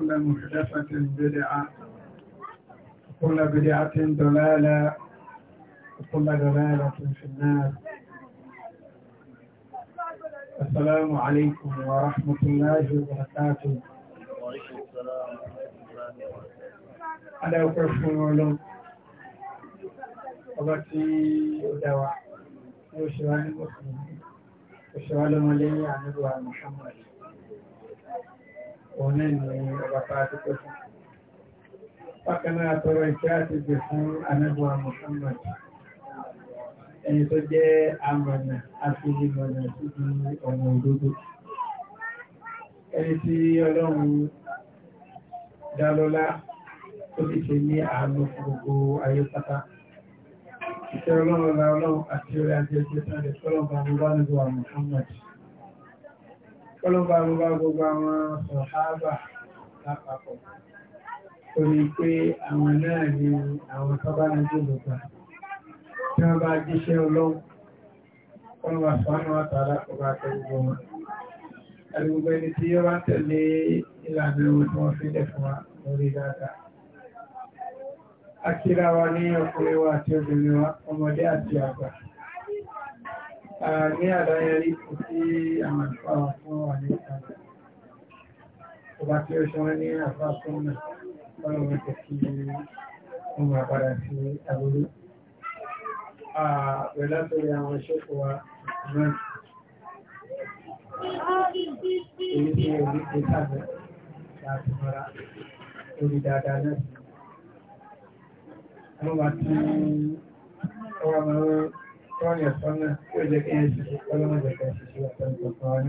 كل محدثة بدعة وكل بدعة ضلالة وكل ضلالة في النار السلام عليكم ورحمة الله وبركاته وعليكم السلام ورحمة الله وبركاته أنا أكرم ولو أبتي دواء وشوال المسلمين وشوال مليء عن محمد òun ni ọba tá a ti pẹ́ fún. Bákan náà tọrọ ìfẹ́ àti ìgbè fún Anábùwà Muhammad. Ẹni tó jẹ́ amọ̀nà àti ìmọ̀nà síbi ọ̀nà òdodo. Ẹni tí Ọlọ́run dá lọ́lá tó sì ṣe ní àánú fún gbogbo ayé pátá. Ìṣẹ́ Ọlọ́run ọ̀la Ọlọ́run àti orí ajé ìgbésẹ̀ rẹ̀ tọ́lọ̀ bá mi wá nígbà Muhammad kọ́lọ́bà gbogbo gbogbo àwọn sọ̀hábà lápapọ̀ ó ní pé àwọn náà ni àwọn kábánájú gbogbo tí wọ́n bá jíṣẹ́ ọlọ́run kọ́lọ́bà sọ́nà àtàrà kọ́bà tẹ́gbogbo wọn àdúgbò ẹni tí yọ́ bá tẹ̀lé ìlànà ohun tí wọ́n fi lẹ̀ fún wa lórí dáadáa akíra wa ní ọkùnrin wa àti obìnrin wa ọmọdé àti àgbà ní àdáyẹrí kò sí àwọn àṣípàá fún wà ní ìsàlẹ̀ ọba tí ó ṣọ́rẹ́ ní àṣípàá fún náà báwọn mẹ́tẹ̀ sí ọmọ àpàdà sí àgbòrò àwẹ̀ látọ̀rí àwọn ṣẹ́kọ̀ wa náà èyí tí ó ní pé sàbẹ̀ láti mara kọ́ni àtọ́nà tí ó jẹ́ kí ẹ ṣe ọlọ́mọ jẹ́ kí ẹ ṣe ṣe àtọ́nà kankan wọn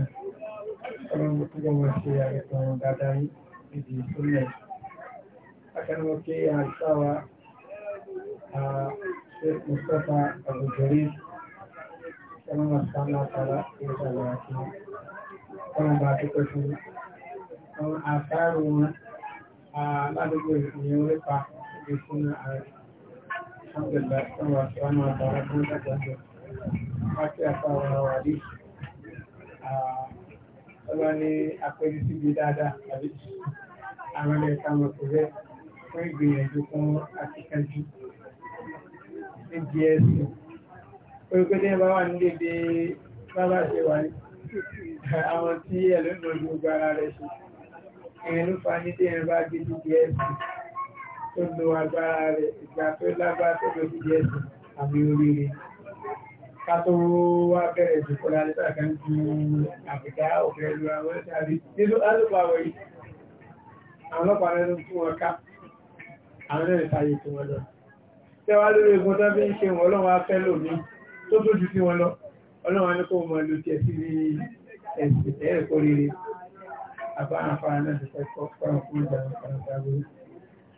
ọlọ́mọ tó gbọ́mọ ṣe àrẹ̀kọ́ wọn dáadáa níbi ìpínlẹ̀ akẹ́nàmọ́ kí àìsàn wa ṣe Mustapha àbùjọ́rí ọlọ́mọ sàmà àtàrà ìṣàlẹ̀ àti ọlọ́mọ bá tó pẹ́ fún àwọn àṣàrò wọn aládùúgbò Alhamdulillah, ọmọ àṣíwánà àtàrà fún ìdájọ́. Wọ́n tí a fáwọn ọ̀rọ̀ àdí. Ọlọ́ ni àpẹẹrẹ síbi dáadáa tàbí àwọn ẹ̀ka mọ̀kúrẹ́ fún ìgbìyànjú fún akíkanjú. Níbi ẹ̀sìn. Olùkọ́jẹ́ bá wà nílé bí bábà ṣe wà ní àwọn tí ẹlẹ́nu ojú gbára rẹ̀ ṣe. Ìrìnlú fa ní tí ẹ bá gbé níbi ẹ̀sìn tó lo agbára rẹ̀ ìgbà tó lágbára tó lọ sí jẹ́ àmì oríire ká tó wá bẹ̀rẹ̀ ìdòkọ́ lálẹ́sà kan ju àbùdá òfin ẹlú àwọn ẹ̀sàrí nínú alùpà wọ̀nyí àwọn ọlọ́pàá lẹ́nu fún wọn ká àwọn ẹ̀rẹ̀ sáyé fún wọn lọ tẹ́wàá lórí egun tó fi ń ṣe wọn ọlọ́wọ́ afẹ́ lòmí tó tó jù sí wọn lọ ọlọ́wọ́ ní kó mọ̀ ló tiẹ̀ sí ní ẹ̀sìn ẹ̀ẹ́kọ́ rere àbáhàfà náà ti fẹ́ kọ́ fún ìjà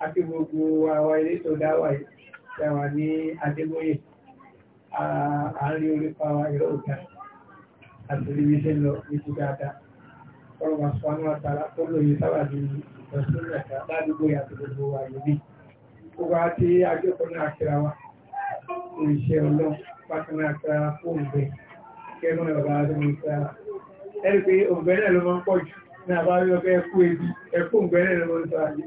àti gbogbo àwọn ilé tó dáwà ìjọba ní adébóyè àárín orípa ìrọ̀ òkà àti oríwíṣẹ́ lọ ní ti dáadáa ọ̀rọ̀ màṣọ́ àwọn àtàrà tó lóye sábà ní ìtọ́sílẹ̀ ẹ̀ka ládùúgbò àti gbogbo àyè ní gbogbo àti akẹ́kọ̀ọ́ náà kíra wa fún iṣẹ́ ọlọ́ bákan náà kíra wa fún òǹgbẹ kẹ́rùn ẹ̀rọ adé ní kíra wa ẹ̀rí pé òǹgbẹ náà ló máa ń pọ̀ jù ní àbáwí ọgbẹ́ ẹ̀kú ebi ẹ̀kú òǹgbẹ ló máa ń sọ àyè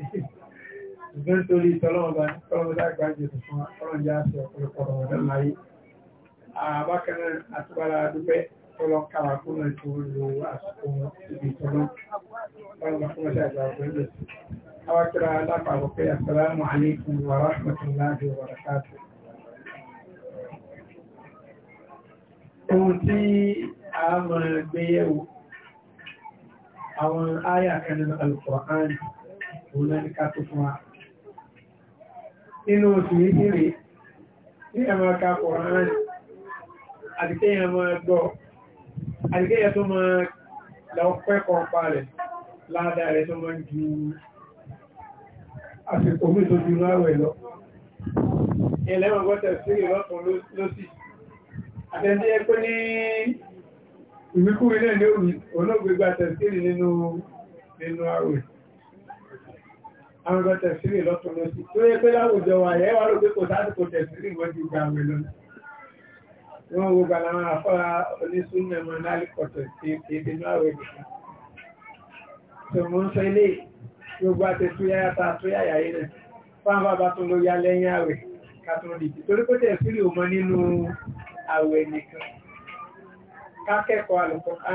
ìgbẹ́ torí tọ́lọ́ọ̀bá ní kọ́lọ́mọdá gbájì fún ọlọ́njá sí ọ̀pọ̀lọpọ̀ ọ̀dọ́ láyé àbákanáà àtúbára dúpẹ́ tọ́lọ́ kára kúrò tó lo àsìkò ibi tọ́lọ́ báwọn fún ọjà àgbà ọ̀gbẹ́lẹ̀ wa rahmatullahi wa barakatuh ohun tí a mọ̀ gbéyẹ̀wò àwọn áyà kan nínú Al-Qur'an òun lẹ́ni ká tó fún wa nínú oṣù méjì rẹ̀ ní ẹ̀mọ́ ká kọ̀rán àdìkẹ́yà máa gbọ́ àdìkẹ́yà tó máa lọ́pẹ́ kọpa rẹ̀ láàdá rẹ̀ tó máa ju àsìkò mí tó ju láwẹ̀ lọ ẹlẹ́wọ̀n gọ́tẹ̀ sí ìrọ́tún lọ́sì àtẹ́ndé ẹgbẹ́ ní ìwíkúrí náà ní olóògbégbà nínú àwẹ̀ àwọn ọ̀gọ́ tẹ̀sírì lọ́tún lọ́sí tó yẹ pé láwùjọ wà yẹ́ wà lóògbé kò sásìkò tẹ̀sírì wọ́n ti gbà wẹ̀ lọ́nà wọ́n wo gbà láwọn afọ́ra onísúnnà mọ́ lálìkọ̀tọ̀ sí èdè náà wẹ̀ nìkan tó mọ́ ń sọ gbogbo àti túyáyá ta túyáyá yìí náà fáwọn bàbá tó ló ya lẹ́yìn àwẹ̀ kàtó dìtì torí pé tẹ̀sírì ò mọ́ nínú àwẹ̀ nìkan ká kẹ́kọ̀ọ́ àlùkò ká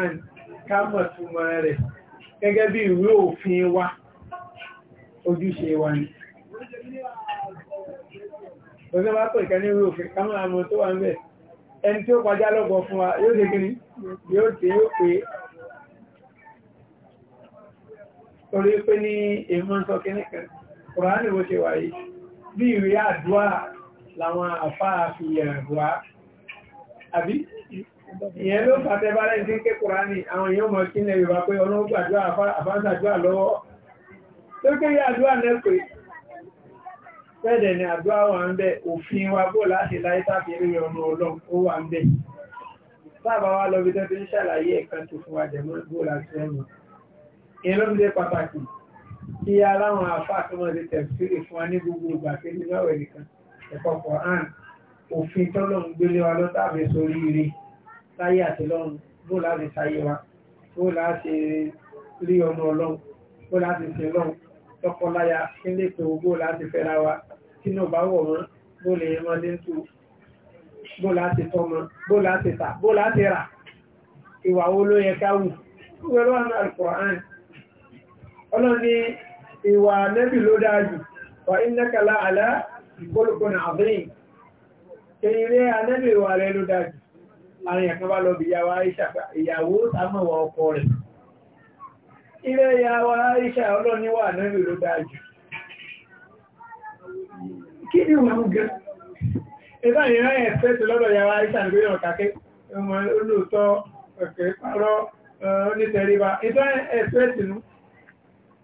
ojúṣe wa ni lọ́sẹ̀ bá pè kẹ́ ní orí òfin kámọ́ àmọ́ tó wà ń bẹ̀ ẹni tí ó pàjá lọ́gbọ̀ fún wa yóò ṣe kíní yóò tí yóò pé torí pé ní èmọ́ sọ kíní kan kùránì bó ṣe wà yìí bí ìwé àdúrà làwọn àfáà fi yẹ̀rùwá àbí ìyẹn ló fàtẹ́ bá lẹ́yìn tí ń ké kùránì àwọn èèyàn mọ̀ kí ilẹ̀ Yorùbá pé ọlọ́gbàdúrà àfáàsàdúrà lọ́wọ́ Tókè yí àdúrà lẹ́pẹ́. Bẹ́ẹ̀dẹ̀ ni àdúrà wà ń bẹ, òfin wa bó láti láyé tàbí rí ọ̀nà ọlọ́run ó wà ń bẹ. Sáàbà wá lọ bí tó ti ń ṣàlàyé ẹ̀kan tó fún wa jẹ̀mọ́ bó láti ẹ̀mọ́. Ìyẹn ló ń dé pàtàkì kí aláwọn afá tó mọ̀ ti tẹ̀síìrì fún wa ní gbogbo ìgbà pé nínú ọ̀rẹ́ nìkan ẹ̀kọ́ Quran òfin tọ́lọ̀ ń gbélé wa lọ tàbí sórí ire láyé àtìlọ́run bó bó láti rí ọ̀nà ọlọ́run bó láti sin ọlọ́run tọkọláya nílé pé ogbó láti fẹ́ra wa tí náà bá wọ̀ wọ́n bó lè yẹmọ́ lé ń tu bó láti tọmọ bó láti tà bó láti rà ìwà wo ló yẹ ká wù wọ́n lọ́wọ́ náà Al-Qur'an ọlọ́ni ìwà nẹ́bì ló dájú wà ìnẹ́kàlá àlá ìgbólùkún àbíyìn kèrè anẹ́bì ìwà rẹ̀ ló dájú àrin ìyàwó àìṣàpá ìyàwó rẹ̀ ilé ya wa Aisha ọlọ́niwà náà ló dájú kí ni wọ́n mú gẹ́ ẹgbà ní ráyẹ̀ ẹ̀fẹ́tì lọ́dọ̀ ya wa Aisha nígbé yàn kàkẹ́ ọmọ olóòtọ́ ọ̀kẹ́ parọ́ onítẹ̀ríba ìtọ́ ẹ̀fẹ́tì nú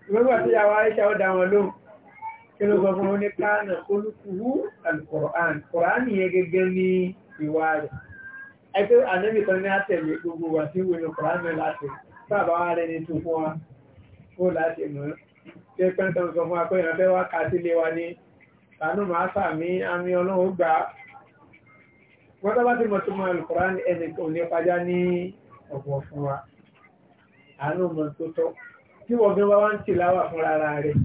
ìgbẹ́gbà tí ya wa Aisha ọ̀dà wọn lóhùn kí ló sọ fún ní kánà olùkúwú alukọ̀rán kọ̀rán yẹn gẹ́gẹ́ ní ìwà rẹ̀ ẹgbẹ́ ànẹ́bìkan ní àtẹ̀lé gbogbo wà sí ìwé ní kọ̀rán mẹ́láṣẹ̀ sábà wà rẹ̀ ní tó fún wa kó láti mọ̀ ṣé pẹ́ńtọ́ sọ fún wa pé ìrànfẹ́ wá ká sílé wa ní tànú màá sàmí àmì ọlọ́run ó gbà á gbọ́dọ̀ bá ti mọ̀ tó mọ alukoran ẹni tó ní pàjá ní ọ̀pọ̀ fún wa àánú mọ̀ tó tọ́ tí wọ́n gbé wá wá ń tì láwà fún ara rẹ̀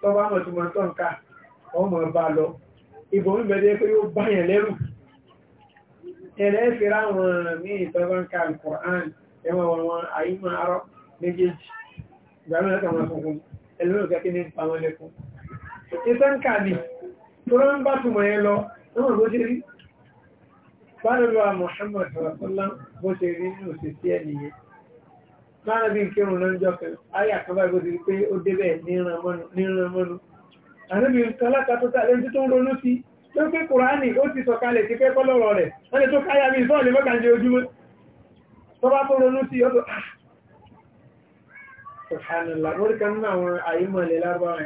tó bá mọ̀ tó mọ̀ tó ń ká ọmọ bá lọ ìbò ń bẹ̀rẹ̀ pé ó bá yẹn lẹ́rù ẹ̀rẹ́ fi ráwọn ní ìtọ́gbọ́n ká alukoran ẹ̀wọ̀n wọn àyímọ̀ arọ́ méjèèjì ìgbàmọ́ ẹ̀kọ́ àwọn ọkùnkùn ẹlẹ́rọ kẹ́kẹ́ ní pàwọn ẹlẹ́kùn ìsẹ́ǹkà ni tó rán bá túnmọ̀ ẹ lọ lọ́wọ́ bó ṣe rí Muhammad sọ̀rọ̀sọ́lá bó ṣe rí ní òṣèṣì ẹnìyẹ láàrín bí kírun ló ń jọ pẹ̀lú ayé àkọ́bá bó ṣe rí pé ó débẹ̀ níranmọ́nu àníbi kálákà tó tà lẹ́ni tó ń ronú sí tó pé kùránì ó ti sọ kalẹ̀ ti kẹ́kọ́ lọ́rọ̀ rẹ̀ wọ́n lè tó káyà mí ojúmọ́ tó bá ronú sí ọdún subhanallah lórí kan nínú àwọn àyímọ̀lẹ̀ lárúbáwá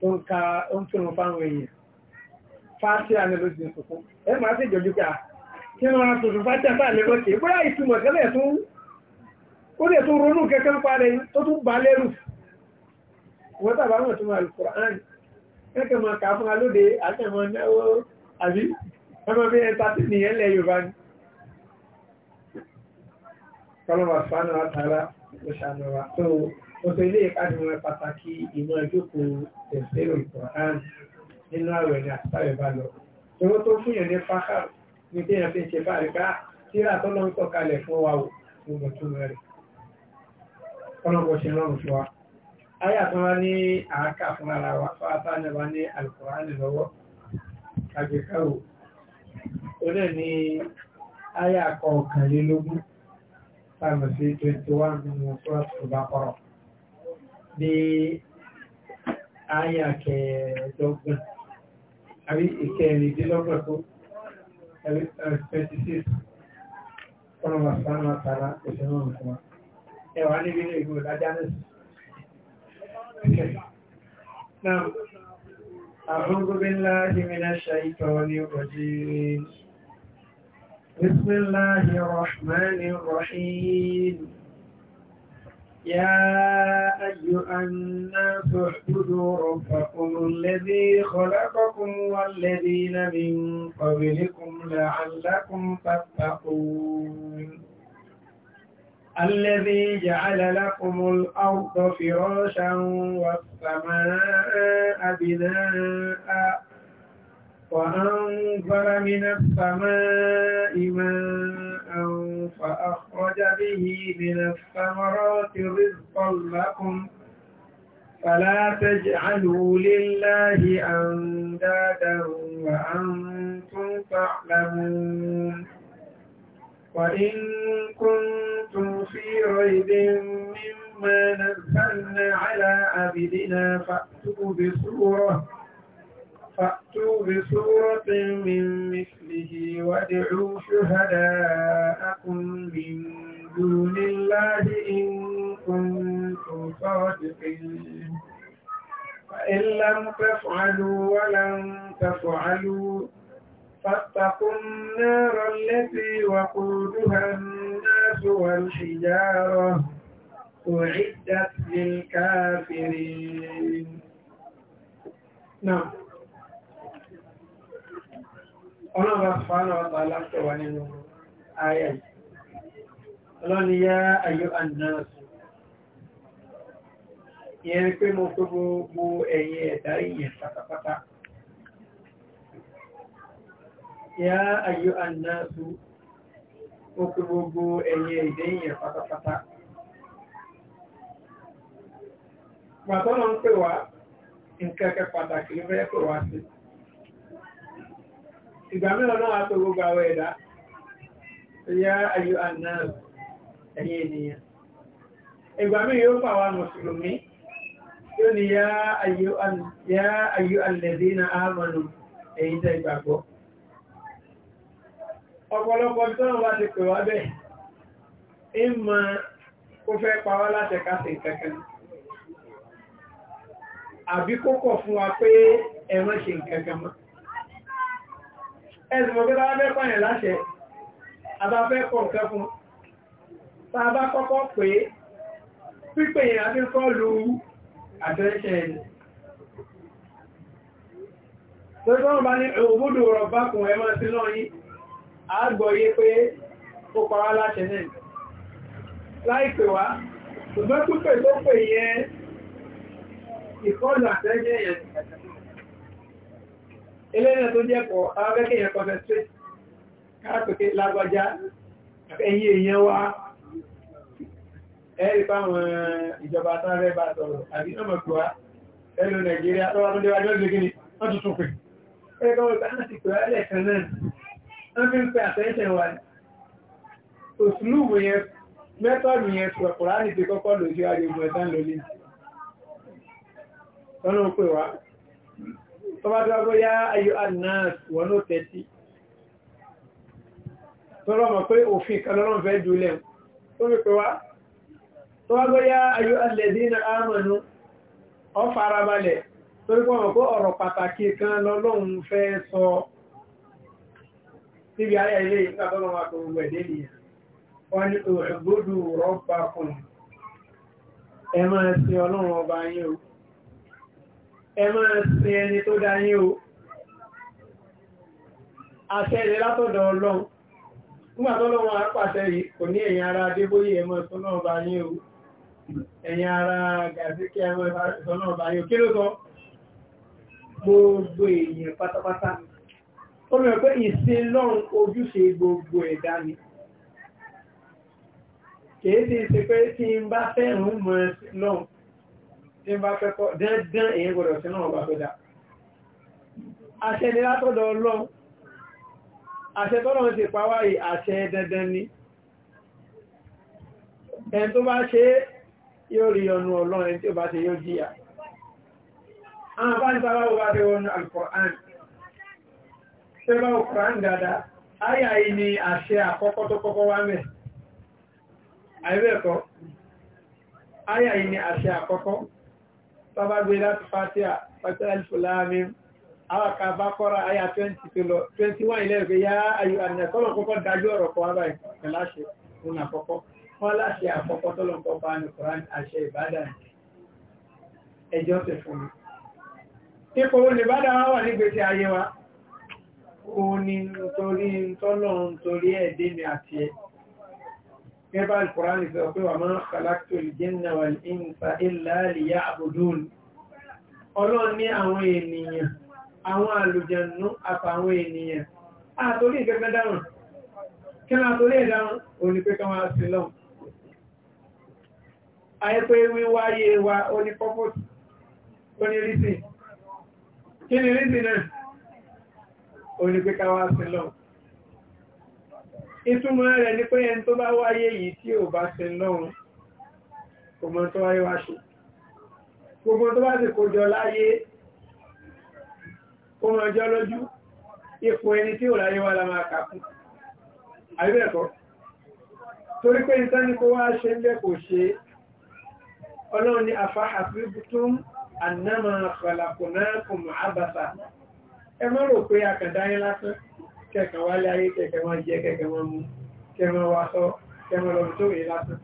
tó ń ka ó ń kírun fáwọn èèyàn fásí àmì ló ti sùkún ẹ máa sì jọjú pé à kí wọ́n á tuntun fásí àpá àmì lókè bóyá ìtumọ̀ tẹ́lẹ̀ tún ó lè tún ronú kẹ́kẹ́ ń parẹ́ tó tún bá lẹ́rù wọ́n tàbá mọ̀ tún Al-Qur'an kẹ́kẹ́ máa kà fún alóde àtẹ̀mọ́ náwó àbí ọmọ bí ẹta tí nìyẹn lẹ Yorùbá ni kọlọ́mà sánà àtàrà ló ṣàmì wa tó o tó ilé ìpàdé wọn pàtàkì ìmọ̀ ìjókòó tẹ̀sílò ìkọ̀hán nínú àwẹ̀ ní àtàwẹ̀ bá lọ owó tó fún yẹn ní pákà ní tí yẹn fi ń ṣe báyìí ká ah, tíra tó lọ ń tọ̀ kalẹ̀ fún wa o mo mọ̀ tó ọlọ́gbọ̀n ṣe rọrùn fún wa ayé àtúnwá ní àáká fún ara wa fáátá nípa ní alukọ̀hán lọ́wọ́ àgbékáwò ó náà ní ayé àkọ̀ọ̀kànlélógún táìmù sí 21 nínú sọ́ọ̀tù bá kọ́rọ̀ bí ayà kẹẹ̀ẹ́dọ́gbọ̀n àbí ìkẹrìndínlọ́gbọ̀n tó 26 kọ́nà wà sánà tààrà òṣèlú nǹkan ẹwà níbi ilé ìgbò lájánẹ́sì نعم أعوذ بالله من الشيطان الرجيم بسم الله الرحمن الرحيم يا أيها الناس اعبدوا ربكم الذي خلقكم والذين من قبلكم لعلكم تتقون الذي جعل لكم الأرض فراشا والسماء بناء وأنزل من السماء ماء فأخرج به من الثمرات رزقا لكم فلا تجعلوا لله أندادا وأنتم تعلمون وإن كنتم في ريب مما نزلنا على عبدنا فأتوا بسوره فأتوا بسورة من مثله وادعوا شهداءكم من دون الله إن كنتم صادقين فإن لم تفعلوا ولن تفعلوا فاتقوا النار التي وقودها الناس والحجارة أعدت للكافرين نعم ọlọ́run afọ́nà ọba aláṣẹwà nínú ayé ọlọ́ni yá ayọ́ àdínáàsì ìyẹn pé mo tó gbogbo ẹ̀yẹ ẹ̀dá ìyẹn pátápátá yá ayọ́ àdínáàsì ó pé gbogbo ẹ̀yẹ ẹ̀dá ìyẹn pátápátá pàtọ́nà ń pè wá nǹkan kẹ pàtàkì ló fẹ́ pè wá sí i ìgbà mẹ́rin náà tó gbogbo àwọ̀ ẹ̀dá ya ayú àná ẹ̀yẹ ènìyàn ìgbà mẹ́rin yóò pàwà mùsùlùmí yóò ni ya ayú alẹ́dí na ámànù èyí tẹ́ ìgbàgbọ́ ọ̀pọ̀lọpọ̀ tọ́nà bá ti pè wá bẹ́ẹ̀ ìmọ̀ kó fẹ́ pàwà láti kásìn kankan àbí kókọ̀ fún wa pé ẹ̀mọ́ ṣe nǹkan kan mọ́ ẹ̀sùn mọ̀ pé bá fẹ́ pààyàn láṣẹ àbáfẹ́ pọ̀ nǹkan fún tá a bá kọ́kọ́ pé pípè yẹn àti kọ́ọ̀lù àtẹ́ṣẹ́ ẹni lórí wọ́n bá ní òbúdó rọ̀bá kùn ẹmọ́ sí náà yí àgbọ̀yé pé ó pàwá láṣẹ náà láìpẹ̀ wá ṣùgbọ́n pípẹ̀ tó pè yẹn ìkọlù àtẹ́ṣẹ́ yẹn eléyìn tó jẹ́ pọ̀ abẹ́kẹ́ yẹn concentrate káàkiri lágbàjá ẹ̀yìn èèyàn wá ẹ̀rí fáwọn ìjọba tánrẹ́ bá sọ̀rọ̀ àbí ọmọkùwa ẹlò Nàìjíríà lọ́wọ́ tó déwájọ́ ìgbégini wọ́n tuntun pè ẹgbẹ́gbẹ́ bá ti pè ẹ́lẹ̀ kan náà wọ́n fi ń pẹ attention wa òsùlùmù yẹn mẹ́tọ́ọ̀dù yẹn pẹ̀kùrá ní ti kọ́kọ́ lòsíwájú ọmọ ẹ̀sán lónìí tó bá dọ́gbó yá ayò anas wọn ó tẹ́tí tọ́rọ mọ̀ pé òfin kalọ́rọ̀ fẹ́ jùlẹ̀ tó fi pé wá tó bá dọ́gbó yá ayò alẹ́dínà ámànú ọ farabalẹ̀ torí pọ́ mọ̀ pé ọ̀rọ̀ pàtàkì kan lọ́lọ́run fẹ́ sọ níbi ayé ilé ìgbàtọ́lọ́ wa tó gbogbo ẹ̀dẹ́ nìyà wọ́n ní òṣùgbódù rọ́bà kùn ẹ máa ṣe ọlọ́run ọba yín ẹ máa sin ẹni tó dá yín o àṣẹ rẹ̀ látọ̀dọ̀ ọlọ́run nígbà tó lọ́wọ́ apàṣẹ yìí kò ní ẹ̀yin ara adébóyè ẹ máa sọ náà bá yín o ẹ̀yin ara gàdíkì ẹ máa sọ náà bá yín o kí ló sọ gbogbo èèyàn pátápátá ó mẹ́rin pé ìsin lọ́run ojúṣe gbogbo ẹ̀dá ni kìí ti ṣe pé tí n bá fẹ́ràn mọ́ lọ́run tí ń bá fẹ́kọ́ dẹ́ndẹ́n èyí gbọdọ̀ sí náà bá fẹ́ dá àṣẹ ni látọ́dọ̀ ọlọ́run àṣẹ tọ́lọ́run ti pàwá yìí àṣẹ dandan ni ẹni tó bá ṣe yóò rí ọnu ọlọ́run ẹni tí ó bá ṣe yóò jìyà àwọn bá ń tàbá wọ́n bá fẹ́ wọnú alkọ̀án ṣe bá ọkùnrin dáadáa ayà ni àṣẹ àkọ́kọ́ tó kọ́kọ́ wá mẹ́ àìbẹ̀ẹ̀kọ́ ayà ni àṣẹ àkọ́kọ́ bàbá gbé láti fatia fatia alifulami awaka bá kọ́ra aya 20 tó lọ 21 ilẹ̀ ìgbé yá ayò àdìyàn tọ́lọ̀ kọ́kọ́ dájú ọ̀rọ̀ kan wábà ìpínlẹ̀ láṣẹ òun àkọ́kọ́ wọ́n láṣẹ àkọ́kọ́ tọ́lọ̀ kọ́ bá ní koran àṣẹ ìbádàn ẹjọ́ tẹ̀ fún mi ipò olùbádàn wà ní gbèsè ayé كيف القرآن سيقول وما خلقت الجن والإنس إلا ليعبدون Ọlọ́run ní àwọn ènìyàn, àwọn àlùjànnú àtàwọn ènìyàn. A torí ìgẹ́gẹ́ dáhùn, kí náà torí ìdáhùn onípẹ́kọ́ wá sí lọ. Àyẹ́pẹ́ wíwáyé wa onípọ́pọ̀tì, onírísì. Kí ni rísì náà? Onípẹ́kọ́ ìtumọ̀ rẹ̀ ní pé ẹni tó bá wáyé yìí tí ò bá ṣe lọ́run kò mọ̀ tó wáyé wá gbogbo tó bá sì kójọ láyé kó mọ̀ ọjọ́ lójú ipò ẹni tí ò láyé wá la máa kà fún àbẹ́ẹ̀kọ́ torí pé nǹkan ní kó wá ṣe ń kò ṣe ọlọ́run ni afahasibutum annama khalaqnakum abasa ẹ má rò pé akàndáyé lásán kẹ̀kẹ́ wá lé ayé kẹ̀kẹ́ wọ́n jẹ́ kẹ̀kẹ́ wọ́n mú kẹ̀kẹ́ wọ́n wá sọ kẹ̀kẹ́ wọ́n lọ tó rí lásán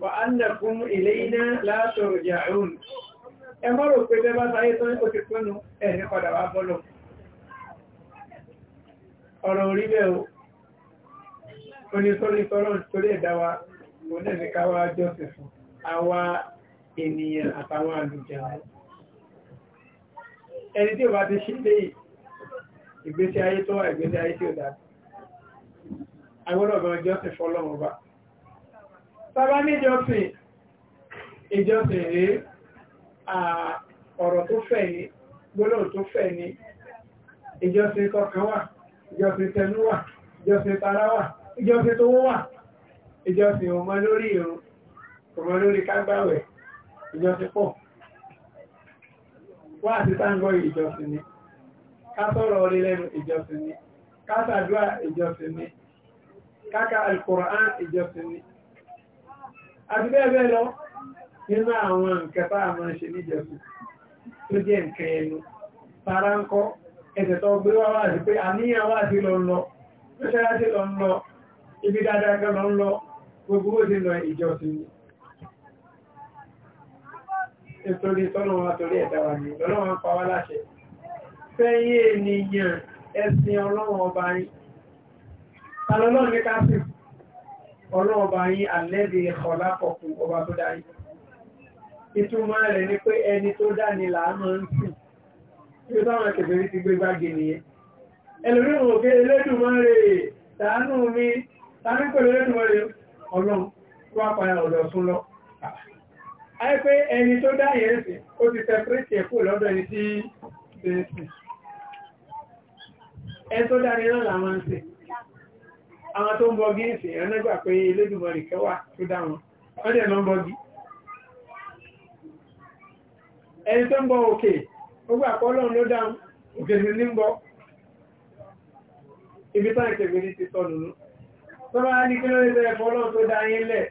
wà á nà fún ilé iná látọ̀rọ̀ jà òun ẹ mọ́ rò pé bẹ́ẹ̀ bá sáyé tán ó ti pínu ẹ̀ ní padà wá bọ́lọ̀ ọ̀rọ̀ orí bẹ́ẹ̀ o ó sọ́rí sọ́rọ̀ torí ẹ̀dá wa mo náà ní ká wá jọ́sìn fún àwa ènìyàn àtàwọn àlùjá ẹni tí ò bá ti ṣe léyìí ìgbésí ayé tó wà ìgbésí ayé tí ó dáa agbọ́dọ̀ gan ìjọsìn fọ́lọ́run bá sábà ní ìjọsìn ìjọsìn rí ọ̀rọ̀ tó fẹ̀ ní gbólóhùn tó fẹ̀ ní ìjọsìn tọkàn wà ìjọsìn tẹnu wà ìjọsìn tara wà ìjọsìn tó wà ìjọsìn ọmọ lórí irun ọmọ lórí kágbáwẹ̀ ìjọsìn pọ̀ wá àti táǹgọ́ ìjọsìn ni kátọ́rọ̀ orí lẹ́nu ìjọsìn ni kátàdúà ìjọsìn ni káka alkùrán ìjọsìn ni àti bẹ́ẹ̀ bẹ́ẹ̀ lọ nínú àwọn nkẹta àwọn ṣe níjọsìn tó jẹ́ nkẹ ẹnu tara ń kọ́ ẹsẹ̀ tó gbé wá wáàdì pé àníyàn wáàdì lọ lọ mẹ́sẹ̀láṣẹ́ lọ lọ ibi dáadáa gan lọ lọ gbogbo ó ti lọ ìjọsìn ni nítorí tọ́nà wa torí ẹ̀dá wa ni lọ́nà wa ń pa wá fẹ́yìn ènìyàn ẹ̀sìn ọlọ́run ọba yín tàlọ́lọ́run ní káfí ọlọ́run ọba yín àlẹ́bí ọ̀lá kọ̀kù ọba tó dá yín ni pé ẹni tó dá ni làánà ń sìn tí ó táwọn kẹfẹ́rí ti gbé gbági nìyẹn ẹlòmíràn òkè Elédùmarè tàánù mi tàánù pẹ̀lú Elédùmarè ọlọ́run wá padà ọ̀dọ̀ sún lọ àyẹ́ pé ẹni tó dá yẹn sìn ó ti tẹ̀ pírẹ́tì ẹ̀kú lọ́dọ̀ ẹni tí ó ti sìn ẹni tó dáre náà làwọn ń sìn àwọn tó ń bọ́gí ìsìn ẹ̀nẹ́gbà pé Elédùmarè kẹwà tó dá wọn wọ́n dẹ̀ lọ ń ẹni tó ń bọ òkè gbà ló dá òkè sí ní ń ibi tán ti sọ ní kí ló fọ́ tó dá yín lẹ̀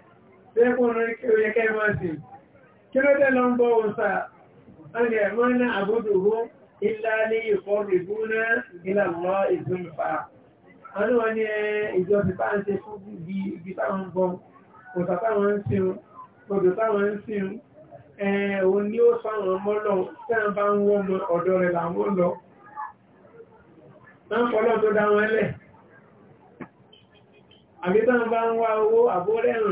kí ilá ní ìfọ́ rìbúná ìgbìlà mọ́ ìgbìmọ̀fà. Wọ́n ní wọ́n ní ìjọ ti bá ń ṣe fún bí ibi táwọn bọ́, òtà táwọn ń sin, odò táwọn ń sin, òun ni ó sáwọn mọ́lọ̀ tẹ́ràn bá ń wọ́n mọ ọ̀dọ̀ rẹ̀ làwọn lọ. Wọ́n fọ́lọ́ tó dá wọn lẹ̀. Àbí táwọn bá ń wá owó àbórẹ̀ràn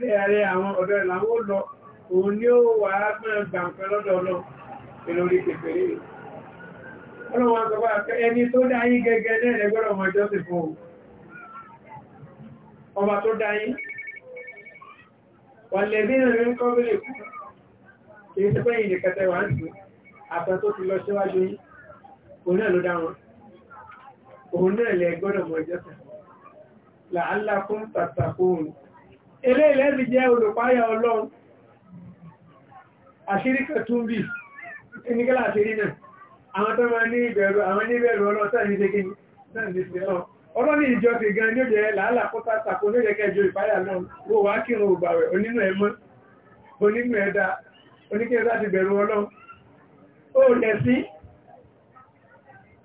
lẹ́yàrẹ́ àwọn ọ̀dọ̀ rẹ̀ làwọn lọ, òun ni ó wà á gbọ́n gbàǹkan lọ́dọ̀ lọ. Èlò orí kékeré rẹ̀ ọlọ́wọ́n sọ bá ẹni tó dáyí gẹ́gẹ́ náà lẹ́gbẹ́rẹ̀ ọmọ ìjọ́ sí fún ọba tó dáyí wà lẹ́bí rẹ̀ ń kọ́bílẹ̀ kìí sí pé ìdí kẹta wà ń sí àtà tó ti lọ síwájú yìí òun náà ló dá wọn òun náà lẹ́gbẹ́rẹ̀ ọmọ ìjọ́ sí làálàkún tàtàkùn ilé ìlẹ́bí jẹ́ olùpáyà ọlọ́run àṣírí kẹtùmbì ẹnikẹ́lá àṣírí náà àwọn tó wọ́n ní ìbẹ̀rù àwọn níbẹ̀rù ọlọ́tà ní ṣegí ọlọ́ ní ìjọ ti gan ní òjẹ́ làálà kọ́ta tako ní òjẹ́ kẹjọ ìpáyà náà wò wá o ògbàwẹ̀ onínú ẹ̀mọ́ onínú ẹ̀dá oníkẹ́ẹ̀dá ti bẹ̀rù ọlọ́run ó lẹ̀ sí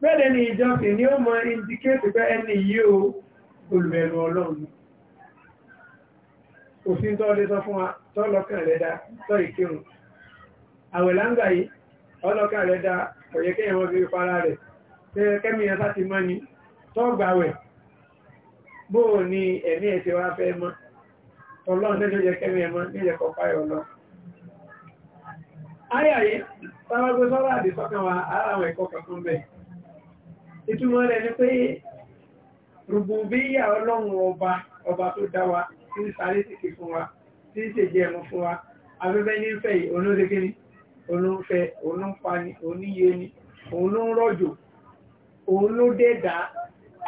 bẹ́ẹ̀ ni ìjọ sì ní ó mọ indikéètì pé ẹni yìí o olùbẹ̀rù ọlọ́run òfin tó lè sọ fún wa tó lọ́kàn rẹ̀ dá tó ìkírun àwẹ̀ láǹgbà yìí ọlọ́kàn rẹ̀ kọ̀yẹ kí ẹ̀wọ́n fi para rẹ̀ kẹ́mi ẹ̀sá ti mọ́ ni tọ́gbàwẹ̀ bóò ni ẹ̀mí ẹ̀sẹ̀ wá fẹ́ mọ́ ọlọ́run tẹ́jọ́ jẹ kẹ́mi ẹ̀mọ́ nílẹ̀ kọ̀pá ọlọ́ ayàyé sáwọ́gbé sọ́rọ̀ àdì sọ́kàn wa aráwọ̀ ẹ̀kọ́ kankan bẹ̀ ìtumọ̀ rẹ̀ ni pé rùbùbíyà ọlọ́run ọba ọba tó dá wa tí ń sáré sì fún wa tí ń ṣèjẹ́ olóńfẹ́ olóńpani oníyeni òun ló ń ni, òun ló dẹ́dà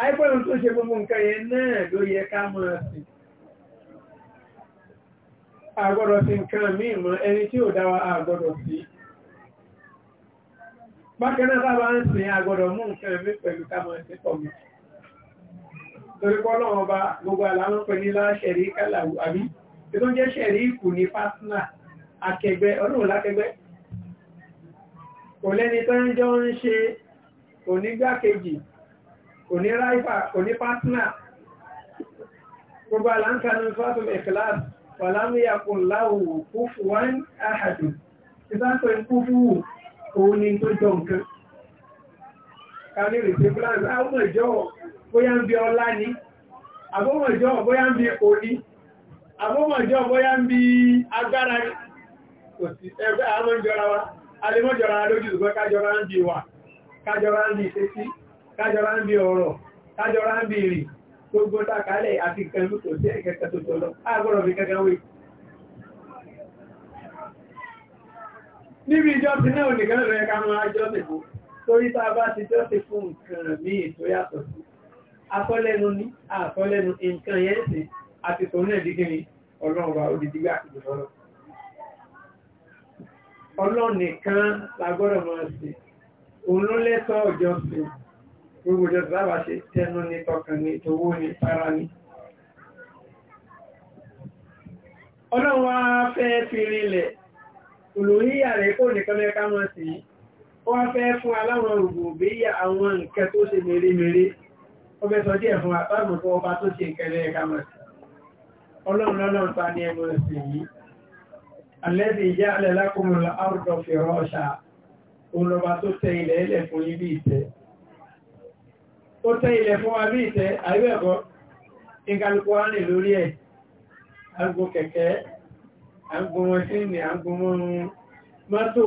àìpẹ́lú tó ṣe gbogbo nǹkan yẹn náà ló yẹ ká máa sìn àgbọ́dọ̀ sí nǹkan míì mọ́ ẹni tí ò dáwà àgbọ́dọ̀ sí bákanáà bá bá ń sin àgbọ́dọ̀ mú nǹkan mí pẹ̀lú ká máa sí pọ̀ mọ́ torí pọ́ lọ́wọ́ bá gbogbo àlámọ́ pẹ̀lú láṣẹ̀rí kálàwù àbí tí tó jẹ́ ṣẹ̀rí ìkù ní pásínà akẹgbẹ́ ọlọ́run lákẹgbẹ́ kò lẹ́ni tó ń jọ ń ṣe onígbákejì oníráìfà onípátínà gbogbo aláǹkanú sọ́tún ìkìláàsì wàlámúyà kùn láwùwù kúfù wọ́n áhàdù ìsáǹkọ̀ ìkúfù òun ni tó jọ nǹkan kàmírì tí fúlàní àwọn ìjọ́ bóyá ń bí ọlá ní àbọ́mọ̀ bóyá ń bí ipò ní bóyá ń bí agbára ní kò sí ẹgbẹ́ àwọn ìjọra wa alẹ́mọ́jọra lójú ṣùgbọ́n kájọra ń bí wà kájọra ń bí ìṣesí kájọra ń bí ọ̀rọ̀ kájọra ń bí ìrìn gbogbo tákàálẹ̀ àti kẹrù kò sí ẹ̀kẹ́kẹ́ tó tọ́lọ àgbọ́rọ̀ fi kẹ́kẹ́ wé níbi ìjọsìn náà nìkan rẹ̀ ká máa jọ́sìn fún torí tá a bá ti jọ́sìn fún nǹkan míì tó yàtọ̀ sí afọ́lẹ́nu ní àfọ́lẹ́nu nǹkan yẹn sì àti tòun náà dígí ni ọlọ́run wa odidi gbà ọlọ́nìkan lagbọ́dọ̀ máa sí òun ló lẹ́tọ́ ọjọ́ sí gbogbo ìjọ sábà ṣe tẹnu ní tọkàn ní tòwó ní tara ní ọlọ́wọ́ fẹ́ fi rinlẹ̀ olóríyà rẹ̀ kó nìkan mẹ́ká mọ́ sí ó wá fẹ́ fún aláwọn ògbòbíyà àwọn nǹkẹ́ tó ṣe mèremère ó fẹ́ sọ díẹ̀ fún àtàgbùn tó ọba tó ṣe nǹkẹ́ mẹ́ká mọ́ sí ọlọ́run lọ́lọ́run ta ní ẹmọ́ sí yìí alẹ́bí ìyá alẹ́lákùnrin àrùdọ̀ fi rọ́ṣà olọba tó tẹ ilẹ̀ ilẹ̀ fún yí bí ìtẹ́ ó tẹ ilẹ̀ fún wa bí ìtẹ́ àríwẹ̀kọ́ ìkàlùkù wá nì lórí ẹ̀ agbó kẹ̀kẹ́ agbó mọ́síìnì agbó mọ́tò